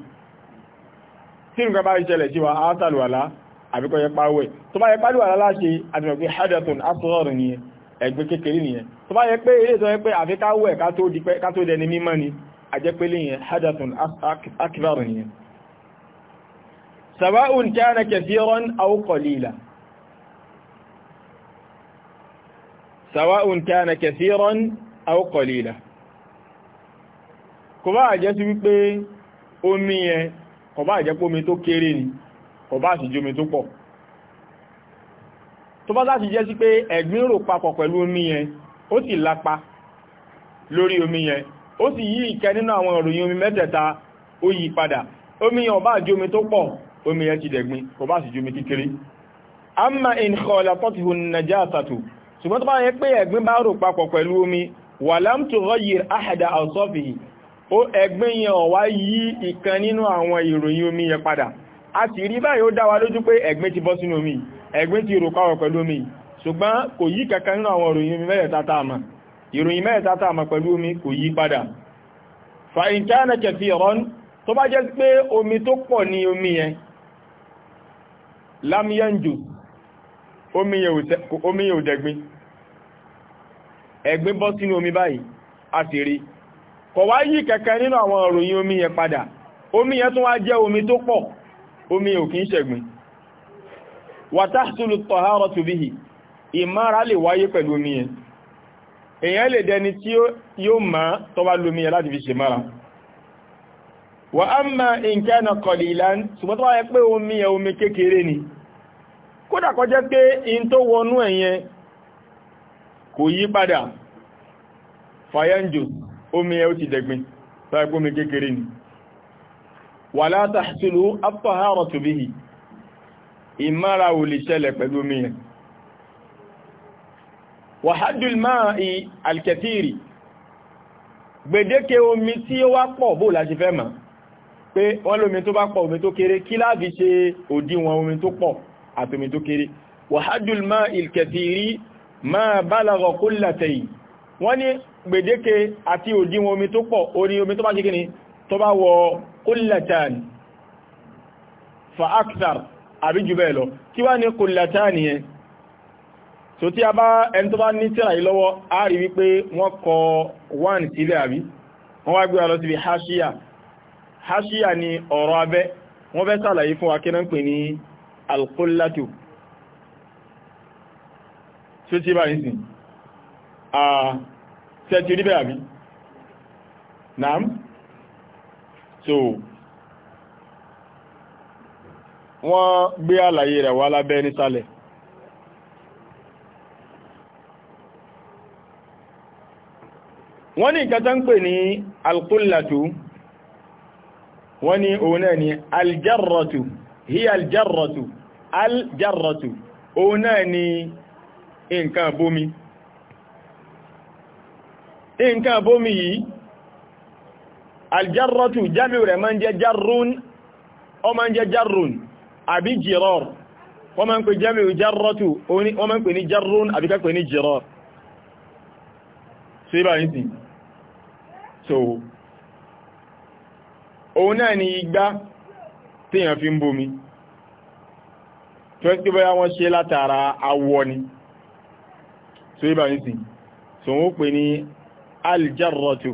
tí nǹkan bá ṣẹlẹ̀ sí wa asàlùwàlá àbí kò yẹ páwẹ̀ tó bá yẹ pálùwàlá láṣe àtìmọ̀ pé hadathun asghar nìyẹn ẹgbẹ́ kékeré nìyẹn tó bá yẹ pé ilé tó yẹ pé àfi káwẹ̀ ká tó dẹni mímọ́ ni àjẹ́pẹ́lẹ̀ yẹn hadathun akbar nìyẹn سواء كان كثيرا أو قليلا سواء كان كثيرا أو قليلا kò bá jẹ́ sí wípé omi yẹn kò bá jẹ́ pé omi tó kéré ni kò bá sì jẹ́ omi tó pọ̀ tó bá láti jẹ́ sí pé ẹ̀gbin rò papọ̀ pẹ̀lú omi yẹn ó sì lápa lórí omi yẹn ó sì yí ìkẹ́ nínú àwọn ìròyìn omi mẹ́tẹ̀ẹ̀ta ó yí padà omi yẹn ó bá jẹ́ omi omi yẹn ti dẹ̀gbin kò bá sì ju omi kékeré amma in khalaqathu an-najasatu ṣùgbọ́n tó bá yẹ pé ẹ̀gbin bá rò papọ̀ pẹ̀lú omi wa lam tughayyir ahada awsafihi ó ẹ̀gbin yẹn ò wá yí ìkan nínú àwọn ìròyìn omi yẹn padà a sì rí báyìí ó dá wa lójú pé ẹ̀gbin ti bọ́ sínú omi ẹ̀gbin ti rò papọ̀ pẹ̀lú omi ṣùgbọ́n kò yí kankan nínú àwọn ìròyìn omi mẹ́rẹ̀ẹ́ta fa in kana kathiran tó bá jẹ́ pé omi tó pọ̀ ní omi yẹn lámíyànjú omi yẹn ò dẹ̀gbin ẹ̀gbin bọ́ sínú omi báyìí a sì rí kọ̀ wá yí kẹ̀kẹ́ nínú àwọn ìròyìn omi yẹn padà omi yẹn tún wá jẹ́ omi tó pọ̀ omi yẹn ò kìí ṣẹ̀gbin wàtásùlù tọ̀hárọ̀ tùbíhì ìmára lè wáyé pẹ̀lú omi yẹn èyàn lè dẹni tí yóò máa tó lómi yẹn láti fi ṣe mára wà á máa nǹkan kọ̀lì ìlànà ṣùgbọ́n tó wáyé pé omi yẹn omi kékeré ni kódà kó jẹ́ pé in tó wọnú ẹ̀yẹn kò yí padà fàyẹ́njò omi ẹ̀ ó ti dẹ̀gbin sáàgbómi kékeré ni wà látà sílú afọ́hárọ̀ tó bí i ìmára ò lè ṣẹlẹ̀ pẹ̀lú omi ẹ̀ wàhádùl i alkẹtìrì gbèdéke omi tí ó wá pọ̀ bó láti fẹ́ mọ̀ pé wọ́n lómi tó bá pọ̀ omi tó kéré kí láàfi ṣe òdiwọ̀n omi tó pọ̀ àtomi tó kéré wà hajjul ma ilkẹtìrí ma bálagọ̀ kúlàtẹ̀yì wọ́n ní gbèdéke àti òdíwọn omi tó pọ̀ orí omi tó bá jíkini tó bá wọ kúlàtàn fa aksar àbí jù bẹ́ẹ̀ lọ kí wá ní kúlàtàn yẹn so tí a bá ẹni tó bá ni wọ́n fẹ́ sàlàyé fún wa kí pè ní alkúlátù tí ó tí bá ní sin a tẹ́tí orí bẹ́ẹ̀ àbí naam so wọ́n gbé àlàyé rẹ̀ wá lábẹ́ nísàlẹ̀ wọ́n ní ìkẹta ń pè ní alkúlátù wọ́n ní òun náà ní aljarratu hiya aljarratu aljarratu òun náà ni nǹkan bómi nǹkan bómi yìí aljarratu jábí rẹ̀ máa ń jẹ́ jarrun ọ máa ń jẹ́ jarrun àbí jirar wọ́n máa ń pè jábí jarratu wọ́n máa ń pè ní jarrun àbí ká ní jirar ṣe bá ní sí so òun náà ni igbá téèyàn fi ń bomi tó ẹ́ sí bóyá wọ́n ṣe látara awọ ni tó yíba ní sí so wọ́n pè ní aljarrotu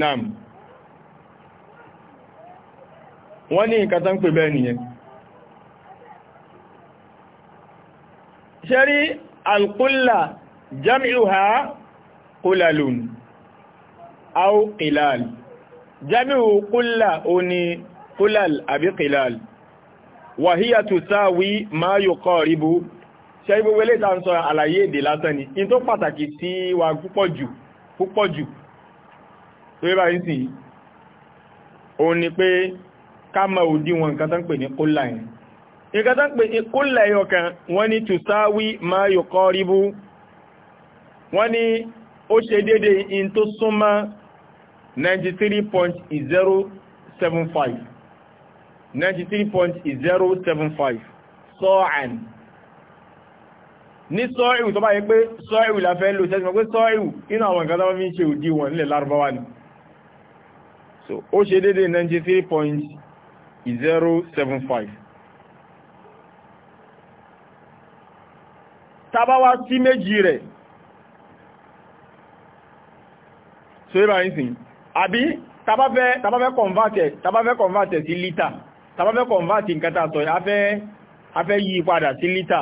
nam wọ́n ní nǹkan tán pè bẹ́ẹ̀ nìyẹn ṣẹ́rí alkulla jam'uha kulalun au qilal jami'u kulla oni kulal àbí qilal wa hiya tusawi ma yuqaribu ṣe ibo wele ta sọ àlàyé èdè lásán ni in tó pàtàkì tí wa púpọ̀ jù púpọ̀ jù tó yẹ báyìí sí o ni pé ká mọ òdiwọ̀n nǹkan tán pè ní kulla yẹn nǹkan tán pè ní kan wọ́n ní tusawi ma yuqaribu wọ́n ní ó ṣe déédéé in tó súnmọ́ 93.075 93.075 sọ́ọ̀n ní sọ́ọ̀ìwù tó bá yẹ pé sọ́ọ̀ìwù la fẹ́ lò sẹ́sìmọ̀ pé sọ́ọ̀ìwù inú àwọn nǹkan tó fi ń ṣe òdí wọn nílẹ̀ lárúbáwá ni so ó ṣe dédé 93.075 tabawa sí méjì rẹ̀ so ibà ń àbí tàbáfẹ́ kọ̀nvátẹ̀ tàbáfẹ́ kọ̀nvátẹ̀ sí lítà tàbáfẹ́ kọ̀nvátẹ̀ nǹkan tàtọ̀ afẹ́ yí padà sí lítà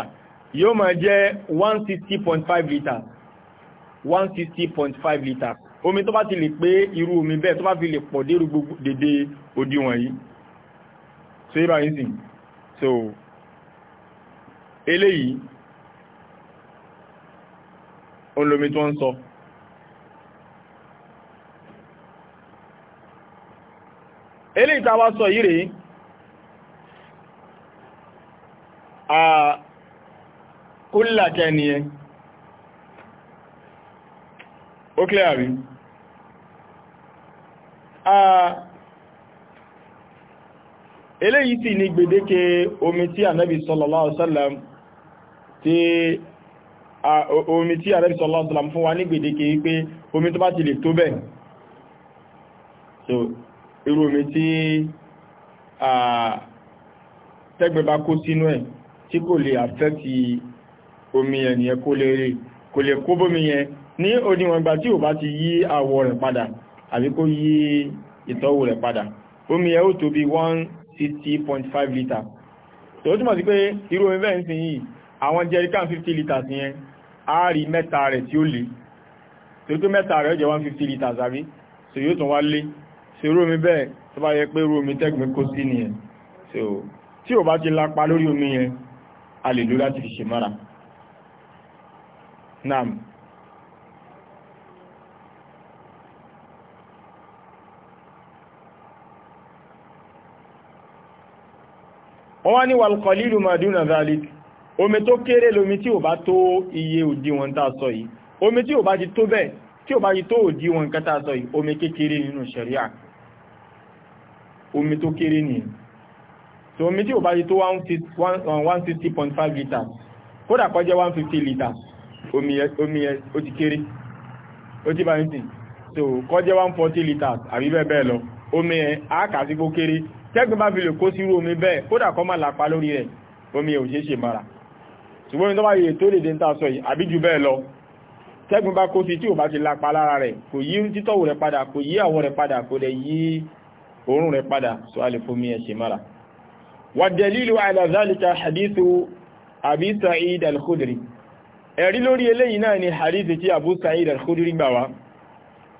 yóò máa jẹ́ 160.5 lítà 160.5 lítà omi tó bá ti lè pé irú omi bẹ́ẹ̀ tó bá fi lè pọ̀ dérú gbogbo dédé òdiwọ̀n yìí so ibà yìí sìn so eléyìí olómi tó ń sọ so. tá wá sọ yìí rèé a kúlà kẹniyẹ ó kílẹ̀ àrí a eléyìí sì ni gbèdéke omi tí ànábì sallallahu alaihi wasallam tí omi tí ànábì sallallahu alaihi wasallam fún wa ní gbèdéke wípé omi tó bá ti lè tó bẹ́ẹ̀ irú omi tí tẹ́gbẹ̀ bá kó sínú ẹ̀ tí kò lè àfẹ́kì omi ẹ̀nìyàn kó lè rí kò lè kó bómi yẹn ní òdiwọ̀n ìgbà tí ò bá ti yí àwọ̀ rẹ̀ padà àbí kó yí ìtọ́wò rẹ̀ padà omi ẹ̀ ó tó bí 160.5 litre tó túnmọ̀ sí pé irú omi bẹ́ẹ̀ ń sin yìí àwọn jerrycan 50 litres yẹn á rí mẹ́ta rẹ̀ tí ó lé torí pé mẹ́ta rẹ̀ ó jẹ́ 150 litres àbí so yóò tún wá lé sí rómi bẹ́ẹ̀ tó bá yẹ pé rómi tẹ́gbẹ̀ kó sí nìyẹn so tí ò bá ti lápa lórí omi yẹn a lè lò láti fi ṣe mọ́ra naam wọ́n wá ní wàlùkọ̀lìlù maduna zalik omi tó kéré lomi tí ò bá tó iye òdiwọ̀n tá a sọ yìí omi tí ò bá ti tó bẹ́ẹ̀ tí ò bá ti tó òdiwọ̀n nǹkan tá sọ yìí omi kékeré nínú ṣẹ̀ríà omi tó kéré nìyẹn so omi tí ò bá yí tó 160.5 uh, litres kódà kó jẹ́ 150 litres omi ẹ ó ti kéré ó ti bá ń sìn so kó jẹ́ 140 liters. àbí bẹ́ẹ̀ bẹ́ẹ̀ lọ omi ẹ àákà sí kó kéré tẹ́gbẹ́ bá fi lè kó sírú omi bẹ́ẹ̀ kódà kó má lápa lórí rẹ̀ omi ẹ ò ṣeé ṣe mara ṣùgbọ́n ní tó bá yẹ tó lè dé ń ta sọ yìí àbí jù bẹ́ẹ̀ lọ tẹ́gbẹ́ bá kó sí tí ò bá ti lápa lára rẹ̀ kò yí títọ́wò rẹ̀ padà kò yí àwọ̀ rẹ̀ padà kò dẹ̀ yí oorun rẹ̀ padà so a lè fomi ẹ̀ ṣe mara wà dalilu ala zalika hadithu abi sa'id al-khudri ẹ̀rí lórí eléyìí náà ni hadithi tí abu sa'id al-khudri gbà wá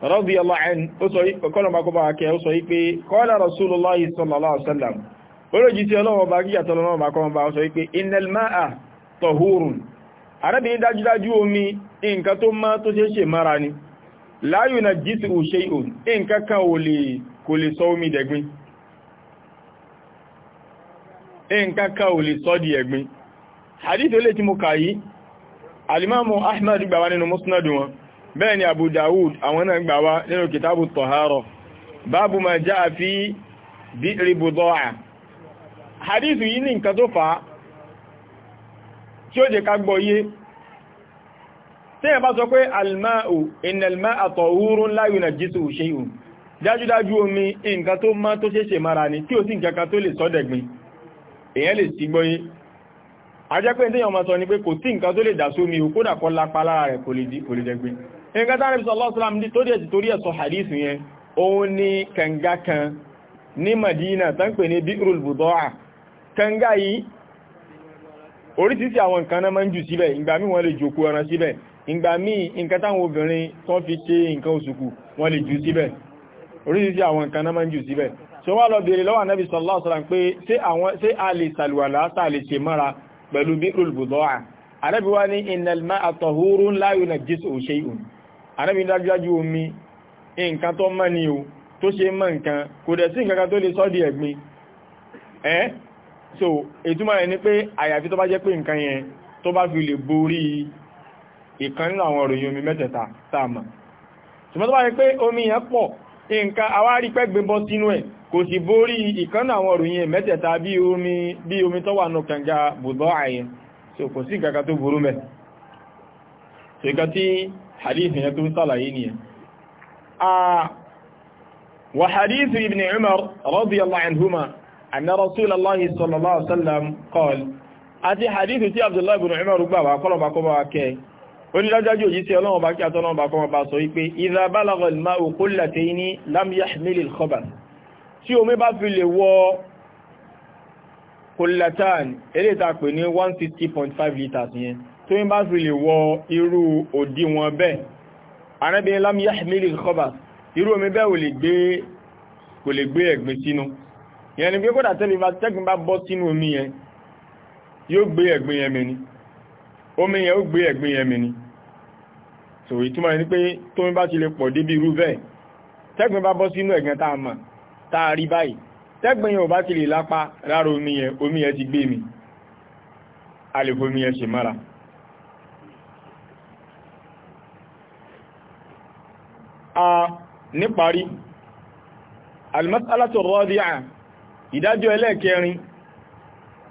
radiyallahu anhu ó sọ wípé qala rasulullahi sallallahu alaihi wasallam olójí tí ọlọ́wọ́ bá gíyà tọ́lọ́wọ́ bá kọ́ bá sọ wípé innal ma'a tahurun arábìnrin dájúdájú omi nǹkan tó má tó ṣe ṣe mara ni la yunajjisuhu shay'un nǹkan kan ò lè kò lè sọ omi dẹ̀gbin ẹnkaka ò lè sọ di ẹ̀gbin hadith olè tí mo kà yí alimamu ahmad gbà wá nínú musnad wọn bẹ́ẹ̀ ni abu dawud àwọn náà gbà wá nínú kitabu tọ̀hárọ̀ báàbù ma já a fi bi'ri budaa hadith yìí ní nǹkan tó fà tí ó jẹ́ ká gbọ́ yé tí ẹ bá sọ pé alma'u inna alma'a tahurun la yunajjisuhu shay'un dájúdájú omi nǹkan tó má tó ṣeéṣe mara ni tí ó sì nǹkan tó lè sọ́dẹ̀gbin èyàn lè sí gbọ́yé ajẹ́pẹ́ tí yàn máa sọ ni pé kò tí nǹkan tó lè dà sómi ò kódà kọ́ lápá lára rẹ̀ kò lè dẹ̀gbin nǹkan ni kanga kan ní Madina pè ní kanga yìí oríṣiríṣi àwọn nǹkan náà máa ń jù síbẹ̀ ìgbà míì wọ́n lè jòkó ẹran síbẹ̀ ìgbà míì nǹkan táwọn obìnrin fi ṣe nǹkan wọ́n lè oríṣiríṣi àwọn nǹkan náà máa ń jù síbẹ̀ tí ó wá lọ bèèrè lọ́wọ́ Ànábì sallallahu alaihi wasallam pé ṣé a lè sàlùwàlá tàà lè ṣe mọ́ra pẹ̀lú bi'rul budaa Ànábì wá ní innal ma'a tahurun la yunajjisuhu shay'un Ànábì dájúdájú omi nǹkan tó mọ́ ni o tó ṣe mọ́ nǹkan kò dẹ̀ sí nǹkan tó lè sọ́ di ẹ̀gbin ẹ́ so ìtumọ̀ rẹ̀ ni pé àyàfi tó bá jẹ́ pé nǹkan yẹn tó bá fi lè borí ìkan nínú àwọn òròyìn omi mẹ́tẹ̀ẹ̀ta sáàmà ṣùgbọ́n nǹkan àwárí pẹ́ gbébọ́ sínú ẹ̀ kò sì borí ìkánà àwọn òròyìn mẹ́tẹ̀ẹ̀ta bí omi bí omi tó wà nù kànga bùdọ́ àyè so kò sí nǹkan tó burú mẹ́ so nǹkan tí hadith yẹn tó ń sàlàyé nìyẹn wa hadith ibn umar radiyallahu anhuma anna rasulallahi sallallahu alaihi wasallam qala onídájájú òyí tí ọlọ́wọ́ bá kí àtọ́lọ́wọ́ bá kọmọ bá sọ wípé idha balagha al-ma'u qullatayni lam yahmil al-khabath tí omi bá fi lè wọ qullatan eré ta pè ní 160.5 litres yẹn tí omi bá fi lè wọ irú òdiwọ̀n bẹ́ẹ̀ arábìnrin lam yahmil al-khabath irú omi bẹ́ẹ̀ kò lè gbé ẹ̀gbin sínú yẹn ni pé kódà tẹ́gbin bá bọ́ sínú omi yẹn yóò ó gbé ẹ̀gbin yẹn mi ni so ìtumọ̀ ní pé tó ń bá ti lè pọ̀ débi irú bẹ́ẹ̀ tẹ́gbìn bá bọ́ sínú ẹ̀gàn tá a mọ̀ tá a rí báyìí tẹ́gbìn yẹn ò bá ti lè lápá rárá omi yẹn omi yẹn ti gbé mi a lè fomi yẹn ṣe mára a níparí almasalatu rọ́díà ìdájọ́ ẹlẹ́ẹ̀kẹrin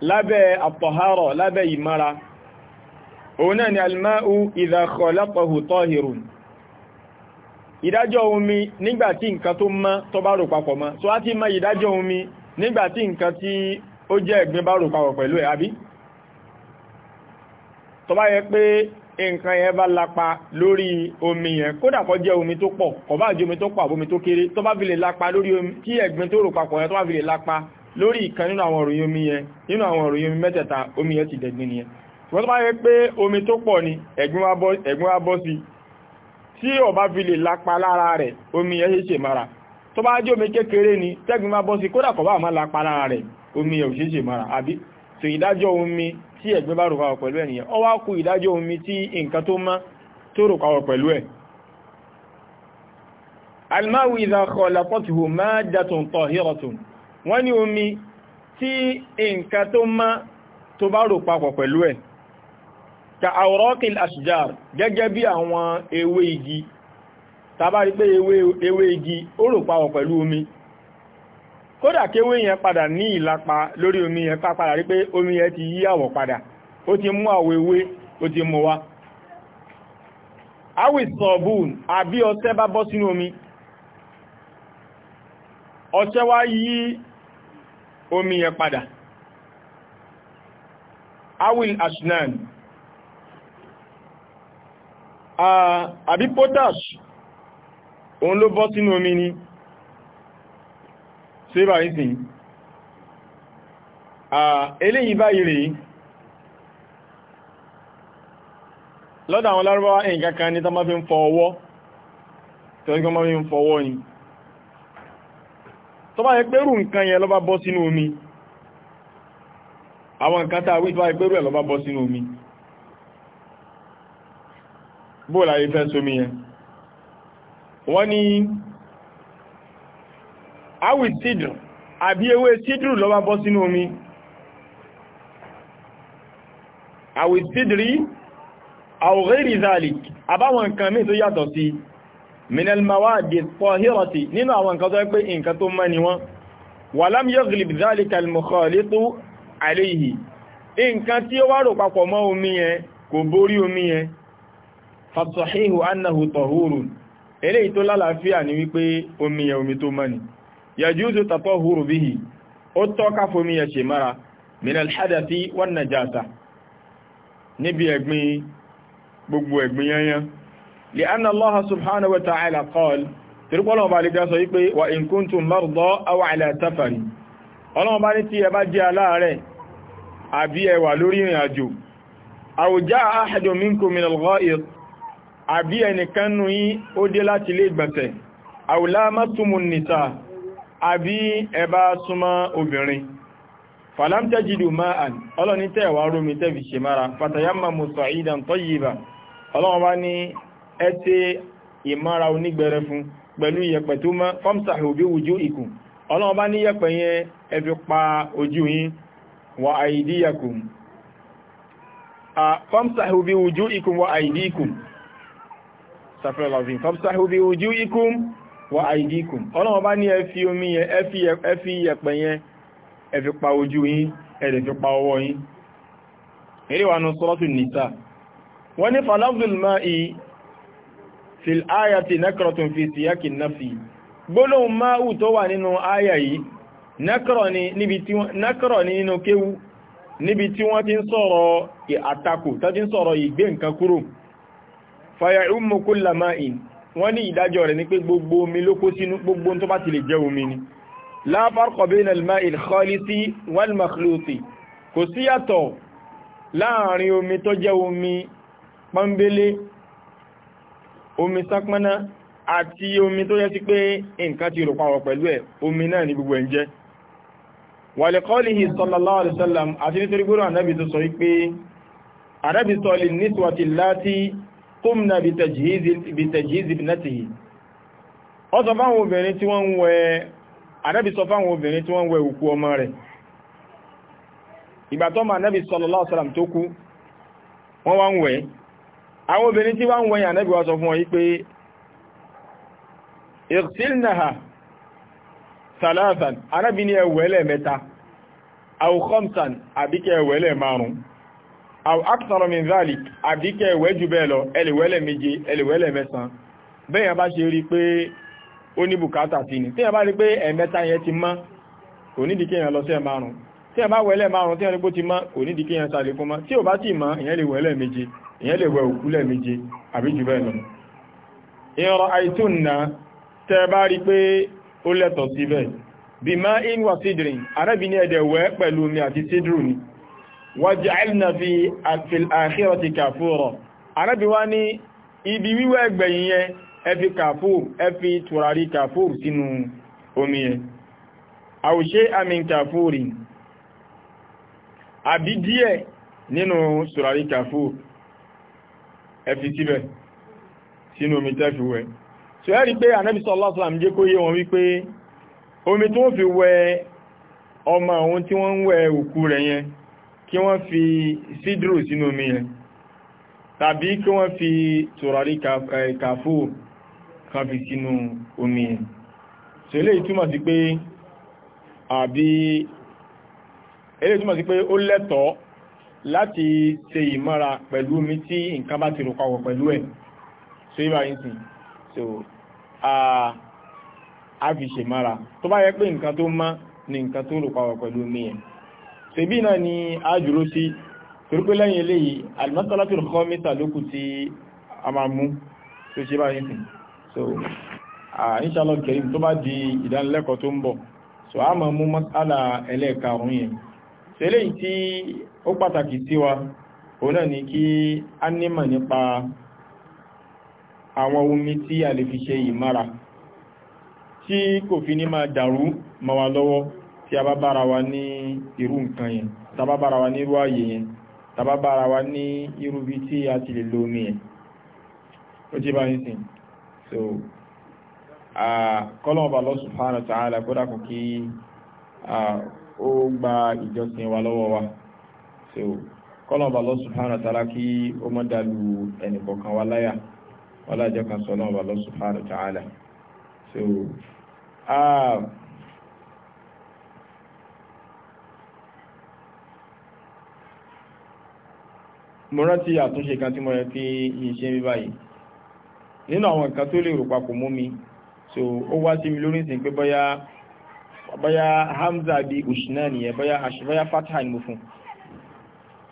lábẹ́ àpọ̀hárọ̀ lábẹ́ ìmára òun náà ni alma'u idha khalaqahu tahirun ìdájọ́ omi nígbàtí nǹkan tó mọ́ tó bá rò papọ̀ mọ́ so a ti mọ̀ ìdájọ́ omi nígbàtí nǹkan tí ó jẹ́ ẹ̀gbin bá rò papọ̀ pẹ̀lú ẹ̀ àbí tó bá yẹ pé nǹkan yẹn bá lapa lórí omi yẹn kódà kó jẹ́ omi tó pọ̀ kó bá jẹ́ omi tó pọ̀ àbomi tó kéré tó bá fi lè lapa lórí omi tí ẹ̀gbin tó rò papọ̀ yẹn tó bá fi lè lapa lórí ìkan nínú àwọn òròyìn omi yẹn nínú àwọn òròyìn omi mẹ́tẹ̀ẹ̀ta omi yẹn ti dẹ̀gbin nìyẹn wọ́n tó máa yẹ pé omi tó pọ̀ ni ẹ̀gbin wá bọ́ sí tí ó bá fi lè lápa lára rẹ̀ omi ẹ̀ ṣeṣe mara tó bá jẹ́ omi kékeré ni tẹ́gbin wá bọ́ sí kódà kọ̀ bá má lápa lára rẹ̀ omi ẹ̀ ṣeṣe mara àbí so ìdájọ́ omi tí ẹ̀gbin bá rùpàwọ̀ pẹ̀lú ẹ̀ nìyẹn ó wá kù ìdájọ́ omi tí nǹkan tó mọ́ tó rùpàwọ̀ pẹ̀lú ẹ̀ tí nǹkan tó mọ́ tó bá rùpàwọ̀ pẹ̀lú ẹ̀ ka awraqil ashjar gẹ́gẹ́ bí àwọn ewé igi tàbárí pé ewé igi ó rò pàwọ̀ pẹ̀lú omi kódà kéwé yẹn padà ní ìlapa lórí omi yẹn padà rí pé omi yẹn ti yí àwọ̀ padà ó ti mú àwọ̀ ewé ó ti mú wá awi sọ̀bùn àbí ọṣẹ bá bọ́ sínú omi ọṣẹ wá yí omi yẹn padà awil ashnan àbí potash òun ló bọ́ sínú omi ni ṣe bá ìsìn eléyìí báyìí rèé lọ́dà àwọn lárúbáwá nǹkan kan ní tán bá fi ń fọ ọwọ́ tẹ́lẹ́gbẹ́ wọ́n fi ń fọ ọwọ́ ni tó bá yẹ pẹ́rù nǹkan yẹn ló bá bọ́ sínú omi àwọn nǹkan tàà wí tó bá yẹ pẹ́rù ẹ̀ ló bá bọ́ sínú omi bóòlà ìfẹ́ sómi yẹn wọ́n ni awi sídùn àbí ewé sídùn ló máa bọ́ sínú omi awi sídìrí àwòrẹ́rì zalik àbáwọn nǹkan mí tó yàtọ̀ sí minal mawadi nínú àwọn nǹkan tó pé nǹkan tó mọ́ ni wọ́n walam yaghlib zalika al-mukhalitu alayhi nǹkan tí ó wá rò papọ̀ mọ́ omi yẹn kò borí omi yẹn fàtọ̀híhù annahu tọ̀húrùn eléyìí tó lálàáfíà ní wípé omi yẹ omi tó mọ́ni yàjúzù tàtọ̀húrù bíhì ó tọ́ka fomi yẹ ṣe mara minal hadathi wan najasa níbi ẹ̀gbin gbogbo ẹ̀gbin yanyan li anna allaha subhanahu wa ta'ala qala àbí ẹ lórí ìrìn àjò aw jaa ahadun minkum àbí ẹnìkan nù yí ó dé láti ilé ìgbọ̀nsẹ̀ àwùlá mọ́túnmù nìta àbí ẹbá súnmọ́ obìnrin falamtajidu ma'an ọlọ́ni tẹ́ẹ̀wà rómi tẹ́fi ṣe mara fatayammamu sa'idan tayyiba ọlọ́wọ́ bá ní ẹtẹ́ ìmára onígbẹrẹ fún pẹ̀lú yẹ̀pẹ̀ tó mọ́ famsahu bi wujuhikum ọlọ́wọ́ bá ní yẹ̀pẹ̀ yẹn ẹ fi pa ojú sàfẹ́lá ọ̀fìn famsahu bi wujuhikum wa aydikum ọlọ́wọ́n bá ní ẹ fi omi yẹn ẹ fi yẹ̀pẹ̀ yẹn ẹ pa ojú yín ẹ fi pa ọwọ́ yín eré wa nù suratu nìta wọ́n ní falafel máa ì fi àyà ti nẹ́kọ̀rọ̀tún fi síyákì náfi gbólóhùn máa ù tó wà nínú àyà yìí nẹ́kọ̀rọ̀ ní nínú kéwú níbi tí fàyà ìmú kúlà máa ìn wọ́n ní ìdájọ́ rẹ̀ ní pé gbogbo omi ló kó sínú gbogbo tó bá ti lè jẹ́ omi ni la farqa bayna al-ma'i al-khalisi wal-makhluti kò sí yàtọ̀ láàrin omi tó jẹ́ omi pọ́nbélé omi sápọ́nà àti omi nítorí gbọ́nà ànábì sọ wípé ànábì lè nítorí láti qumna bi tajhiz bi tajhiz ibnatihi ó sọ fáwọn obìnrin tí wọ́n ń wẹ anábì sọ fáwọn obìnrin tí wọ́n ń wẹ òkú ọmọ rẹ̀ ìgbà tó ma anábì sallallahu alaihi wasallam tó kú wọ́n wá ń wẹ̀ àwọn obìnrin tí wọ́n ń wẹ̀ wá sọ fún wọn pé ìrìsílnàhà salasan anábì àwọn akthara min dhalik àbíkẹ́ ìwẹ́ jù bẹ́ẹ̀ lọ ẹlẹ̀wẹ́lẹ̀ méje ẹlẹ̀wẹ́lẹ̀ mẹ́sàn bẹ́yàn bá ṣe rí pé ó ní bùkátà sí ni tí a bá rí pé ẹ̀mẹ́ta yẹn ti mọ́ kò nídìí kí èèyàn lọ sí ẹ̀márùn tí a bá wẹ̀lẹ̀ márùn tí a rí pé ó ti mọ́ kò nídìí kí èèyàn sàlẹ̀ fún mọ́ tí ò bá ti mọ́ èèyàn lè wẹ̀lẹ̀ méje èèyàn lè wẹ́ waj'alna fi fil akhirati kafura anábi wá ní ibi wíwẹ́ ẹgbẹ̀yìn yẹn ẹ fi kàfúr ẹ fi tùràrí kàfúr sínú omi yẹn aw shay'an min kàfúrin àbí díẹ̀ nínú tùràrí kàfúr ẹ fi síbẹ̀ sínú omi tẹ́fi wẹ̀ so ẹ pé anábi sallallahu alaihi jẹ́ kó yé wọn wípé omi tó fi wẹ ọmọ àwọn tí wọ́n ń wẹ òkú rẹ̀ yẹn kí wọ́n fi sídrù sínú omi yẹn tàbí kí wọ́n fi tùràrí kàfó kan fi sínú omi yẹn so ilé ìtumọ̀ sí pé àbí ilé ìtumọ̀ sí pé ó lẹ́tọ̀ọ́ láti ṣe ìmọ́ra pẹ̀lú omi tí nǹkan bá ti rò pẹ̀lú ẹ̀ so yíba yìí sìn so a fi ṣe mara tó bá yẹ pé nǹkan tó má ni nǹkan tó rò pẹ̀lú omi yẹn ṣebí náà ni a dúró sí torípé lẹ́yìn eléyìí alimọ́sálátì rọ̀kọ́ mẹ́ta lókù tí a máa mú tó ṣe bá yìí sìn so inshallah kerim tó bá di ìdánilẹ́kọ̀ọ́ tó ń bọ̀ so a máa mú mas'ala ẹlẹ́ẹ̀karùn-ún yẹn ṣẹlẹ̀ tí ó pàtàkì sí wa òun náà ni kí a nímọ̀ nípa wa lọ́wọ́ tí a bá bára wa ní irú nǹkan yẹn tàbá bára wa ní irú ààyè yẹn tàbá bára wa ní irú bí tí a ti lè lómi yẹn ó jẹ́ bá nísìn so kọ́lọ̀ ọba Allah subhanahu wa ta'ala kódà kò kí ó gba ìjọsìn wa lọ́wọ́ wa so kọ́lọ̀ ọba Allah subhanahu ta'ala kí ó mọ́ dàlú ẹnìkọ̀ọ̀kan wa láyà wọ́n lájọ́ kan sọ́lọ́ ọba Allah subhanahu wa ta'ala so. Uh, mo rántí àtúnṣe kan tí mo rẹ̀ fi ìṣe mi báyìí nínú àwọn nǹkan tó lè rò papọ̀ mú mi so ó wá sí mi lórí ìsìn pé bóyá bóyá hamza bí òṣìnà nìyẹn bóyá bóyá fatah ni mo fún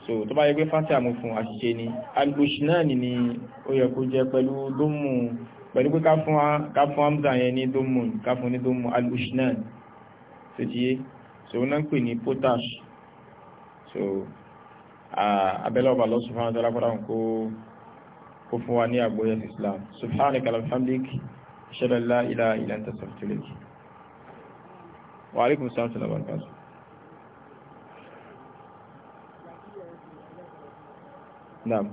so tó bá yẹ pé fatah mo fún àṣìṣe ni òṣìnà ni ni ó yẹ kó jẹ pẹ̀lú dómù pẹ̀lú pé ká fún hamza yẹn ní dómù ká fún ní dómù al-òṣìnà so tiye so ó náà ń pè ní potash so abẹ́lẹ́ ọba lọ́sùn fún àwọn alákọ̀ọ́dá kó fún wa ní àgbóyẹ̀ islam subhanaka alhamdik ṣẹlẹ̀lá ilá ilẹ̀ ń tẹ̀sán tìlẹ̀kì wa alaikum salam tẹ̀lẹ̀ wọn Naam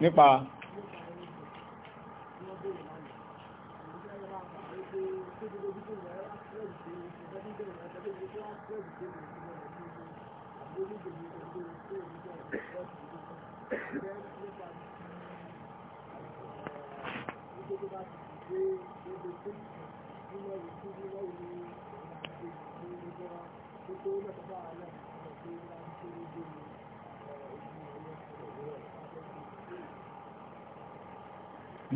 nípa Thank you.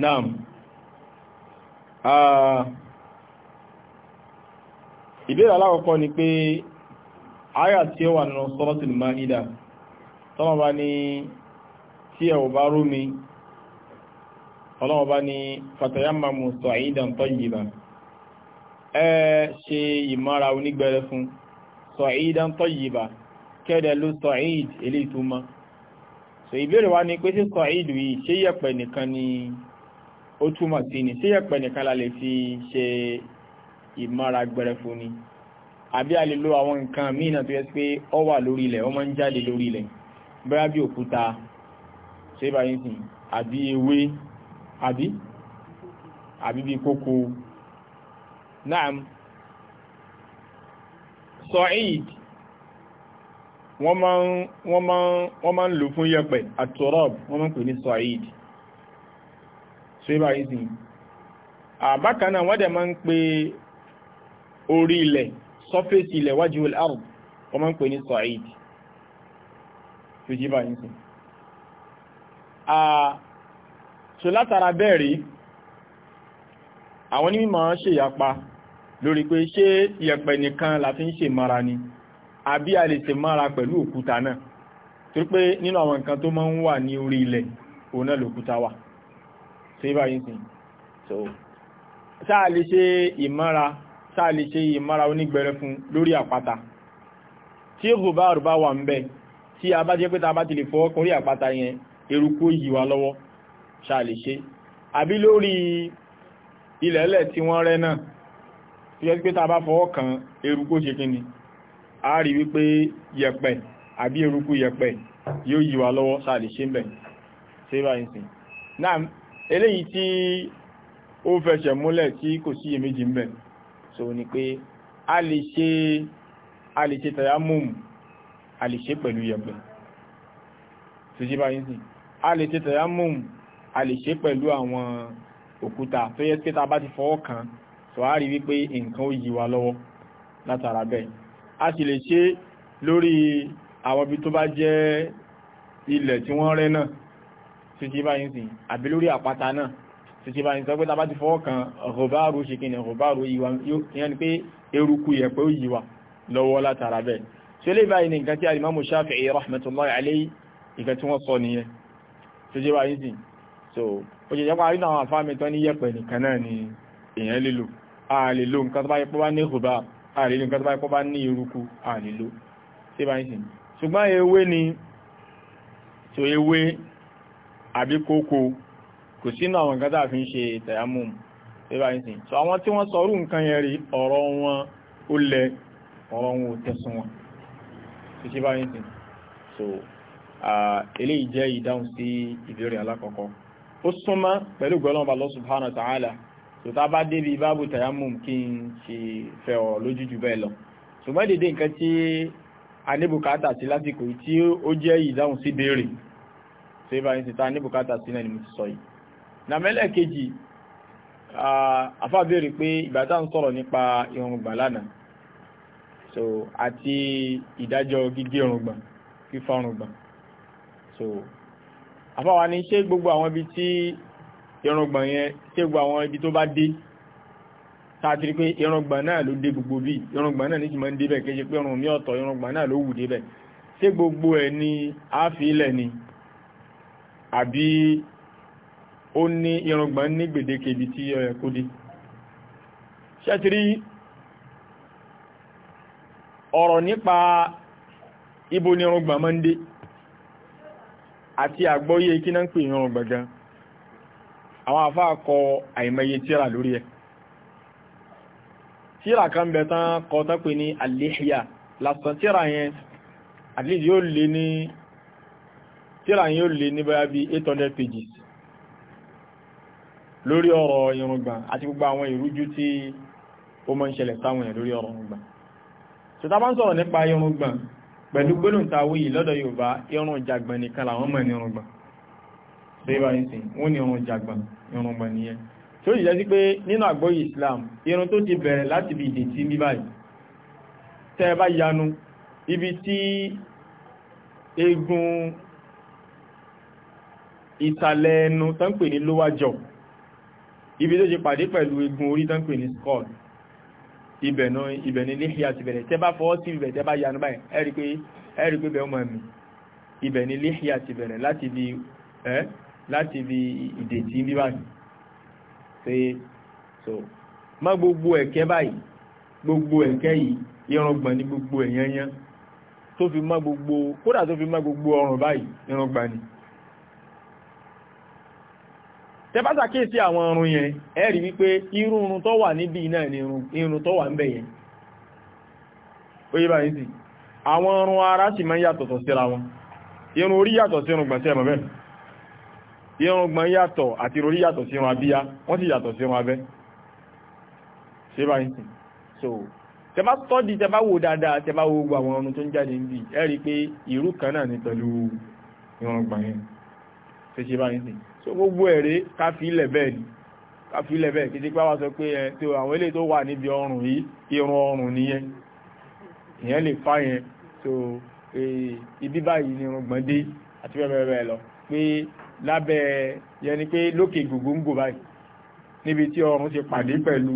naam ah, ìbéèrè alákọ̀ọ́kọ́ ni pe aya ti ó wà nínú Suratul Maida tọ́mọba ni tí ẹ̀ ò bá rúmi ọlọ́mọba ni fatayammamu sa'idan tayyiban ẹ ṣe ìmára onígbẹ̀rẹ̀ fún sa'idan tayyiban kẹ́dẹ̀ ló sa'id ilé ìtumá so ìbéèrè wa ni pé sí sa'id yìí ṣé yẹ̀pẹ̀ nìkan ni ó túmọ̀ sí ni sí ẹ̀pẹ̀ nìkan la lè fi ṣe ìmára gbẹrẹfu ni àbí a lè lo àwọn nǹkan míì náà tó yẹ pé ó wà lórí ilẹ̀ ó máa ń jáde lórí ilẹ̀ bóyá bí òkúta ṣé bá yín sìn àbí ewé àbí àbí bí kókó náà sọ eid wọ́n máa ń lò fún yẹ̀pẹ̀ àtọ̀rọ̀b wọ́n máa ń pè ní sọ eid ṣébà ìsìn àbákaná wọ́n dẹ̀ máa ń pe orí ilẹ̀ sọ́fẹ́sì ilẹ̀ wájú al-ard wọ́n máa ń pè ní sa'id tó jíbà ìsìn ṣe látara bẹ́ẹ̀ rí àwọn onímọ̀ ṣe ìyapa lórí pé ṣé ìyẹ̀pẹ̀ nìkan la fi ń ṣe mara ni àbí a lè ṣe mara pẹ̀lú òkúta náà torí pé nínú àwọn nǹkan tó máa ń wà ní orí ilẹ̀ òun náà lòkúta wà tí bá yìí so sáà lè ṣe ìmọ́ra sáà lè ṣe ìmọ́ra onígbẹrẹ fún lórí àpáta tí gùbáàrù bá wà ń bẹ tí a bá jẹ́ pé ta bá ti lè fọwọ́ kan orí àpáta yẹn eruku yìí wá lọ́wọ́ sáà lè ṣe àbí lórí ilẹ̀ẹ́lẹ̀ tí wọ́n rẹ́ náà tó jẹ́ pé ta bá fọwọ́ kan eruku ṣe eléyìí tí ó fẹsẹ̀ múlẹ̀ tí kò sí iyèméjì ńbẹ̀ so ni pé a lè ṣe a lè ṣe tayammum a lè ṣe pẹ̀lú yẹ̀pẹ̀ tó ṣe báyìí sí a lè ṣe tayammum a lè ṣe pẹ̀lú àwọn òkúta tó yẹ pé bá ti fọwọ́ kan so a rí wípé nǹkan ó yí wa lọ́wọ́ látara bẹ́ẹ̀ a sì lè ṣe lórí àwọn ibi tó bá jẹ́ ilẹ̀ tí wọ́n rẹ́ náà títí báyìí sí àbí lórí àpáta náà títí báyìí sọ pé tá bá ti fọwọ́ kan rọ̀báàrù ṣe kí ni rọ̀báàrù yíwa ìyẹn ni pé eruku yẹ̀pẹ̀ ó yíwa lọ́wọ́ látara bẹ́ẹ̀ ṣe lè báyìí ní nǹkan tí alimamu Shafi'i rahmatullahi alayhi nǹkan tí wọ́n sọ nìyẹn títí báyìí sí so ó jẹ́ jẹ́pá nínú àwọn àfáàmì tán ní yẹ̀pẹ̀ nìkan náà ni èèyàn lílò ààlè lo nǹkan tó bá yẹ pọ́ bá ní rọ̀bá ààlè lo nǹkan tó bá yẹ pọ́ bá ní eruku ààlè lo ṣe báyìí sí ṣùgbọ́n ewé ni so ewé àbí kókó kò sínú àwọn nǹkan tàà fi ṣe tayammum ẹbá ìsìn so àwọn tí wọ́n sọrú nǹkan yẹn rí ọ̀rọ̀ wọn ó lẹ ọ̀rọ̀ wọn ò tẹ̀sùn wọn kò sí bá ìsìn so eléyìí jẹ́ ìdáhùn sí ìbéèrè alákọ̀ọ́kọ́ ó súnmọ́ pẹ̀lú gbọ́lọ́mọba Allah subhanahu ta'ala so tá bá débi báàbù tayammum kí n ṣe fẹ́ ọ̀rọ̀ lójújù bẹ́ẹ̀ lọ ṣùgbọ́n dédé ṣe bá yín síta ní bùkátà sí ni mo ti sọ yìí nàmẹ́lẹ̀ kejì afábẹ́rẹ̀ pé ìgbà tá ń sọ̀rọ̀ nípa irùngbà lánàá so àti ìdájọ́ gígé irùngbà fífá irùngbà so afáwa ni ṣé gbogbo àwọn ibi tí irùngbà yẹn ṣé gbogbo àwọn ibi tó bá dé tàbí pé irùngbà náà ló dé gbogbo bí irùngbà náà ní ń débẹ̀ kéje pé irun mi ọ̀tọ̀ irùngbà náà ló wù débẹ̀ ṣé gbogbo ẹ̀ ni àáfíìlẹ̀ ni àbí ó ní irùngbọ̀n ní gbèdéke ibi tí ó kó dé ṣẹ́tìrí ọ̀rọ̀ nípa ibo ni irùngbọ̀n máa ń dé àti àgbọ́yé kí náà ń pè gan àwọn kọ àìmọye tíra lórí ẹ tíra kan bẹ tán kọ tán pè yẹn yóò ní tíra yóò lè ní báyá bí 800 pages lórí ọ̀rọ̀ irùngbọ̀n àti gbogbo àwọn ìrújú tí ó mọ́ ń ṣẹlẹ̀ sáwọn èèyàn lórí ọ̀rọ̀ irùngbọ̀n so ta bá ń sọ̀rọ̀ nípa irùngbọ̀n pẹ̀lú gbólóhùn ta wí lọ́dọ̀ Yorùbá irun jàgbọ̀n so ibà ń sìn wọ́n ní Islam irun tó ti bẹ̀rẹ̀ láti bí ìdètí ní egun ìsàlẹ̀ ẹnu tán pè ní lower jaw ibi tó ṣe pàdé pẹ̀lú egun orí tán pè ní skull ibẹ̀ náà ibẹ̀ ní líhíà ti bẹ̀rẹ̀ tẹ́ bá fọwọ́ sí ibẹ̀ tẹ́ bá yanu báyìí ẹ rí pé ẹ rí pé bẹ́ẹ̀ ọmọ mi so má gbogbo ẹ̀kẹ́ báyìí gbogbo ẹ̀kẹ́ yìí irùngbọ̀n tẹ́ bá ṣàkíyèsí àwọn irun yẹn ẹ rí wípé irú irun tó wà níbí náà ni irun tó wà ń bẹ̀ yẹn ó yé báyìí sí àwọn irun ara sì máa ń yàtọ̀tọ̀ síra wọn irun orí yàtọ̀ sí irun gbọ̀nsẹ̀ mọ̀bẹ́ irun gbọ̀n yàtọ̀ àti orí yàtọ̀ sí irun abíyá wọ́n sì yàtọ̀ sí irun abẹ́ so tẹba tọ́dí tẹba wo dáadáa tẹba wo gbogbo àwọn ọrùn tó ń jáde ń bì ṣeṣe bá nìsìn so gbogbo ẹ̀rẹ́ káfílẹ̀ bẹ́ẹ̀ ni káfílẹ̀ bẹ́ẹ̀ kìí pá wá sọ pé ẹ tí àwọn ilé tó wà níbi ọrùn yìí irun ọrùn nìyẹn ìyẹn lè fá yẹn so ibi báyìí ni irùngbọ̀n dé àti bẹ́ẹ̀ bẹ́ẹ̀ lọ pé lábẹ́ yẹn ni pé lókè gògóńgò báyìí níbi tí ọrùn ti pàdé pẹ̀lú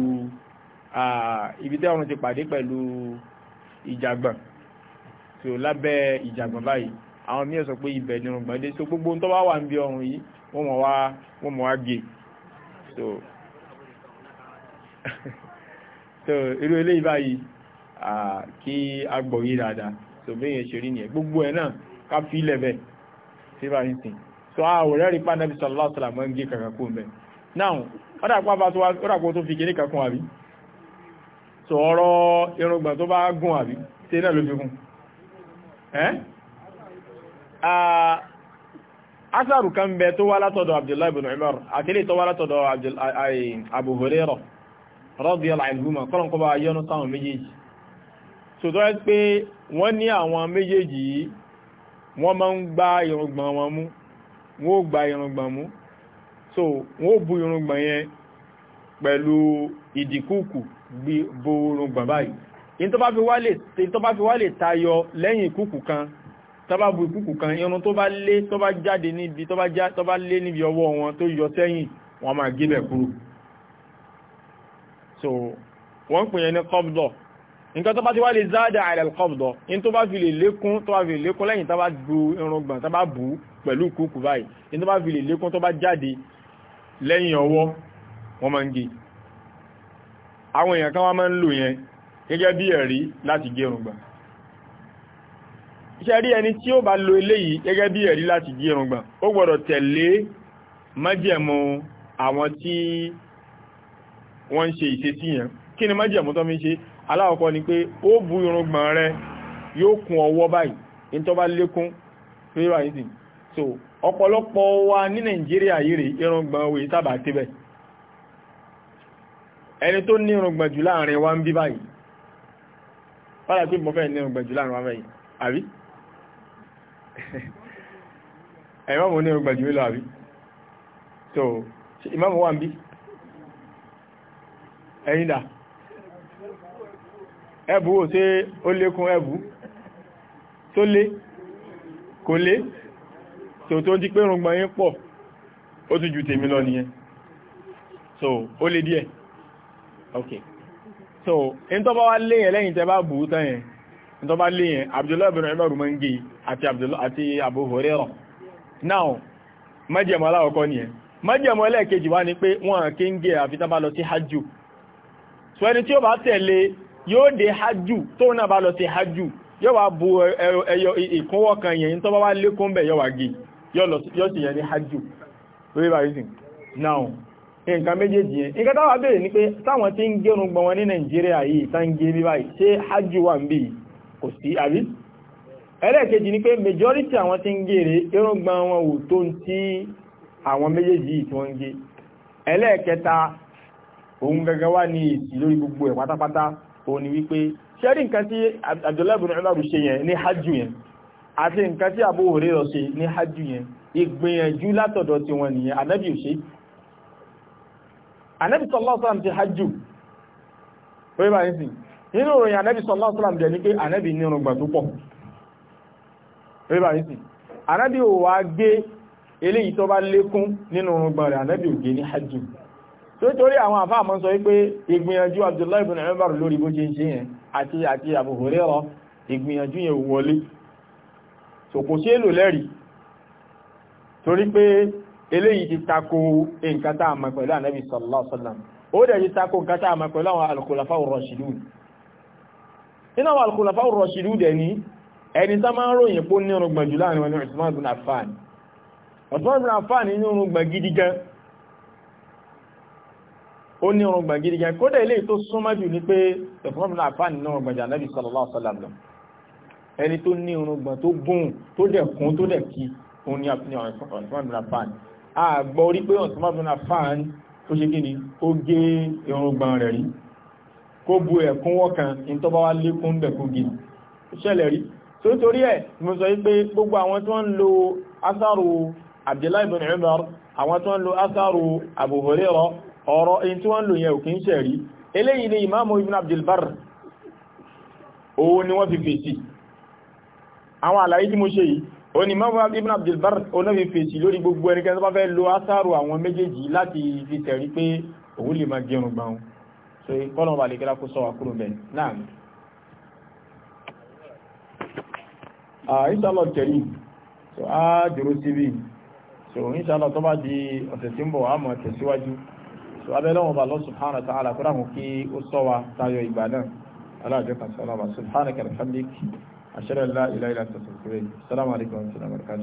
ibi tí ọrùn ti pàdé pẹ̀lú ìjàgbọ̀n so lábẹ́ ìjàgbọ̀n báyìí àwọn míì sọ pé ibẹ̀ ni irùngbọ̀n dé so gbogbo tó bá wà ń bí ọrùn yìí wọ́n mọ̀ wá wọ́n mọ̀ wá gé so so irú eléyìí báyìí kí a gbọ́ yìí dáadáa so bí èèyàn ṣe rí nìyẹn gbogbo ẹ̀ náà ká fi ilẹ̀ bẹ̀ sí bá ń sìn so àwòrán rí pàdánù sallallahu alaihi wasallam ń gé kàkà kó mẹ́ now ọ̀dàpọ̀ tó fi kéré kankan àbí so ọ̀rọ̀ irùngbọ̀n tó bá gùn àbí ṣe náà ló fi gùn ẹ́ asaru kan bẹ tó wá látọ̀dọ̀ abdullahi bin umar àti ilé tó wá látọ̀dọ̀ abu huraira radiyallahu anhuma kọ́lọ̀n kọba yọnu sáwọn méjèèjì so tó rẹ́ pé wọ́n ní àwọn méjèèjì yìí wọ́n máa ń gbá irùngbọ̀n wọn mú wọ́n ó gbá irùngbọ̀n mú so wọ́n ó bu irùngbọ̀n yẹn pẹ̀lú ìdìkúkù bu irùngbọ̀n báyìí in tó bá fi wá lè tayọ lẹ́yìn kúkù kan tọ́bá bu ìkùkù kan irun tó bá lé tó bá jáde níbi tó bá já tó bá lé níbi ọwọ́ wọn tó yọ sẹ́yìn wọn máa gé kúrò so wọ́n pè yẹn ní kọ́bdọ̀ nǹkan tó bá ti wá lè záàdà àìlẹ̀ kọ́bdọ̀ in tó bá fi lè lékún tó bá fi lè lékún lẹ́yìn tó bá bu irun gbọ̀n tó bá bu pẹ̀lú ìkùkù báyìí gẹ́gẹ́ bí ẹ̀rí láti gé irun gbọ̀n ṣe rí ẹni tí ó bá lo eléyìí gẹ́gẹ́ bí ẹ̀rí láti jí irùngbọ̀n ó gbọ́dọ̀ tẹ̀lé májẹ̀mú àwọn tí wọ́n ń ṣe ìṣesí yẹn kí ni májẹ̀mú tó fi ṣe aláwọ̀kọ́ ni pé ó bu irùngbọ̀n rẹ yóò kún ọwọ́ báyìí ní tó bá lékún lórí wà nísìn so ọ̀pọ̀lọpọ̀ wa ní nàìjíríà yìí rè irùngbọ̀n òwe sábà tibẹ̀ ẹni tó ní irùngbọ̀n jù láàrin wa ń bí báyìí wọ́n dà mo fẹ́ ní irùngbọ̀n jù láàrin wa báyìí àbí ẹ̀mọ́mù ní ọgbà jùmí lọ àbí so ìmọ́mù wà ń bí ẹ̀yìn dà ẹ̀bù ò ṣe ó lékún ẹ̀bù tó lé kò lé tó tó dí pé rùngbọ̀n yín pọ̀ ó tún ju tèmi lọ nìyẹn so ó lé díẹ̀ ok so in tó bá wá léyìn lẹ́yìn tẹ bá bù ú tán tó bá léyìn abdullahi bin umar mangi àti àti abu huraira now májẹ̀mọ́ aláwọ̀kọ́ ni ẹ májẹ̀mọ́ ẹlẹ́ẹ̀kejì wá ní pé wọ́n kí ń gẹ àfitán bá lọ sí hajjú so ẹni tí ó bá tẹ̀lé yóò dé hajjú tó náà bá lọ sí hajjú yóò wá bu ẹyọ ìkúnwọ́ kan yẹn tó bá now nǹkan méjèèjì yẹn nǹkan táwà béèrè ni pé táwọn tí ń gẹrun gbọ̀n wọn ní nàìjíríà yìí tá ń gé bí báyìí ṣé hajjú wà ń bí yìí kò sí àbí ẹlẹ́ẹ̀kejì ni pé majority àwọn tí ń gèrè irúgbà wọn ò tó ń tí àwọn méjèèjì tí wọ́n ń gé ẹlẹ́ẹ̀kẹta òun gẹ́gẹ́ wá ní ìsì lórí gbogbo ẹ̀ pátápátá òun ni wípé ṣẹ́rí nǹkan tí Abdullahi ṣe yẹn ní hajjú yẹn àti nǹkan tí Abu Hurairah ṣe ní hajjú yẹn ìgbìyànjú látọ̀dọ̀ tí wọ́n nìyẹn anábì ò ṣe anábì sallallahu ti hajjú ó yẹ báyìí sìn nínú ìròyìn ànábì sallallahu alaihi wasallam jẹ́ ní pé ànábì ní irùngbọ̀n tó pọ̀ rẹ́bà ní sí ànábì ò wá gé eléyìí tó bá lékún nínú irùngbọ̀n rẹ̀ ànábì ò gé ní hajj tó torí àwọn àfáà sọ wípé ìgbìyànjú Abdullahi ibn Umar lórí bó ṣe ń Abu Hurairah ìgbìyànjú yẹn wọlé so kò ṣe lò lẹ́rìí torí pé eléyìí ti tako nǹkan tá a mọ̀ pẹ̀lú ànábì sallallahu alaihi wasallam ó dẹ̀ nínú àwọn al-khulafa ar-rashidun dẹ̀ ní ẹni tá máa ń ròyìn pó ní ọrùn gbọ̀njù láàrin wọn ní Uthman ibn Affan Uthman ibn Affan ní ọrùn gbọ̀n gidi gan ó ní ọrùn gbọ̀n gidi gan kódà ilé tó súnmọ́ jù ní pé Uthman ibn Affan ní ọrùn gbọ̀njù Ànábì sallallahu alaihi wasallam lọ ẹni tó ní ọrùn kó bu ẹ̀kúnwọ́ kan in tó bá wá lékún bẹ̀kúgi ṣẹlẹ̀ rí tó torí ẹ̀ mo sọ pé gbogbo àwọn tó ń lo asáru Abdullahi ibn Umar àwọn tó ń lo asáru Abu Hurairah ọ̀rọ̀ in tí wọ́n lò yẹn ò kí ń ṣẹ̀rí eléyìí ni ìmáàmù ibn Abdulbar òun ni wọ́n fi fèsì àwọn àlàyé tí mo ṣe yìí o ni mọ́wàá ibn abdulbar onáfi fèsì gbogbo ẹnikẹ́ni tó bá fẹ́ lo asáàrù àwọn méjèèjì láti fi tẹ̀rí pé òun lè máa gẹrun gbàun so kọ́lọ̀ wà lè gẹ́ra kó sọ wà kúrò mẹ́ náà ìṣàlọ̀ tẹ̀lé so a dúró síbí so ìṣàlọ̀ tó bá di ọ̀sẹ̀ tí ń bọ̀ àmọ̀ tẹ̀síwájú so abẹ́lẹ́wọ̀n bá Allah subhanahu wa ta'ala kúrò àwọn kí ó sọ wa tayọ ìgbà náà aláàjọ kan sọ́lá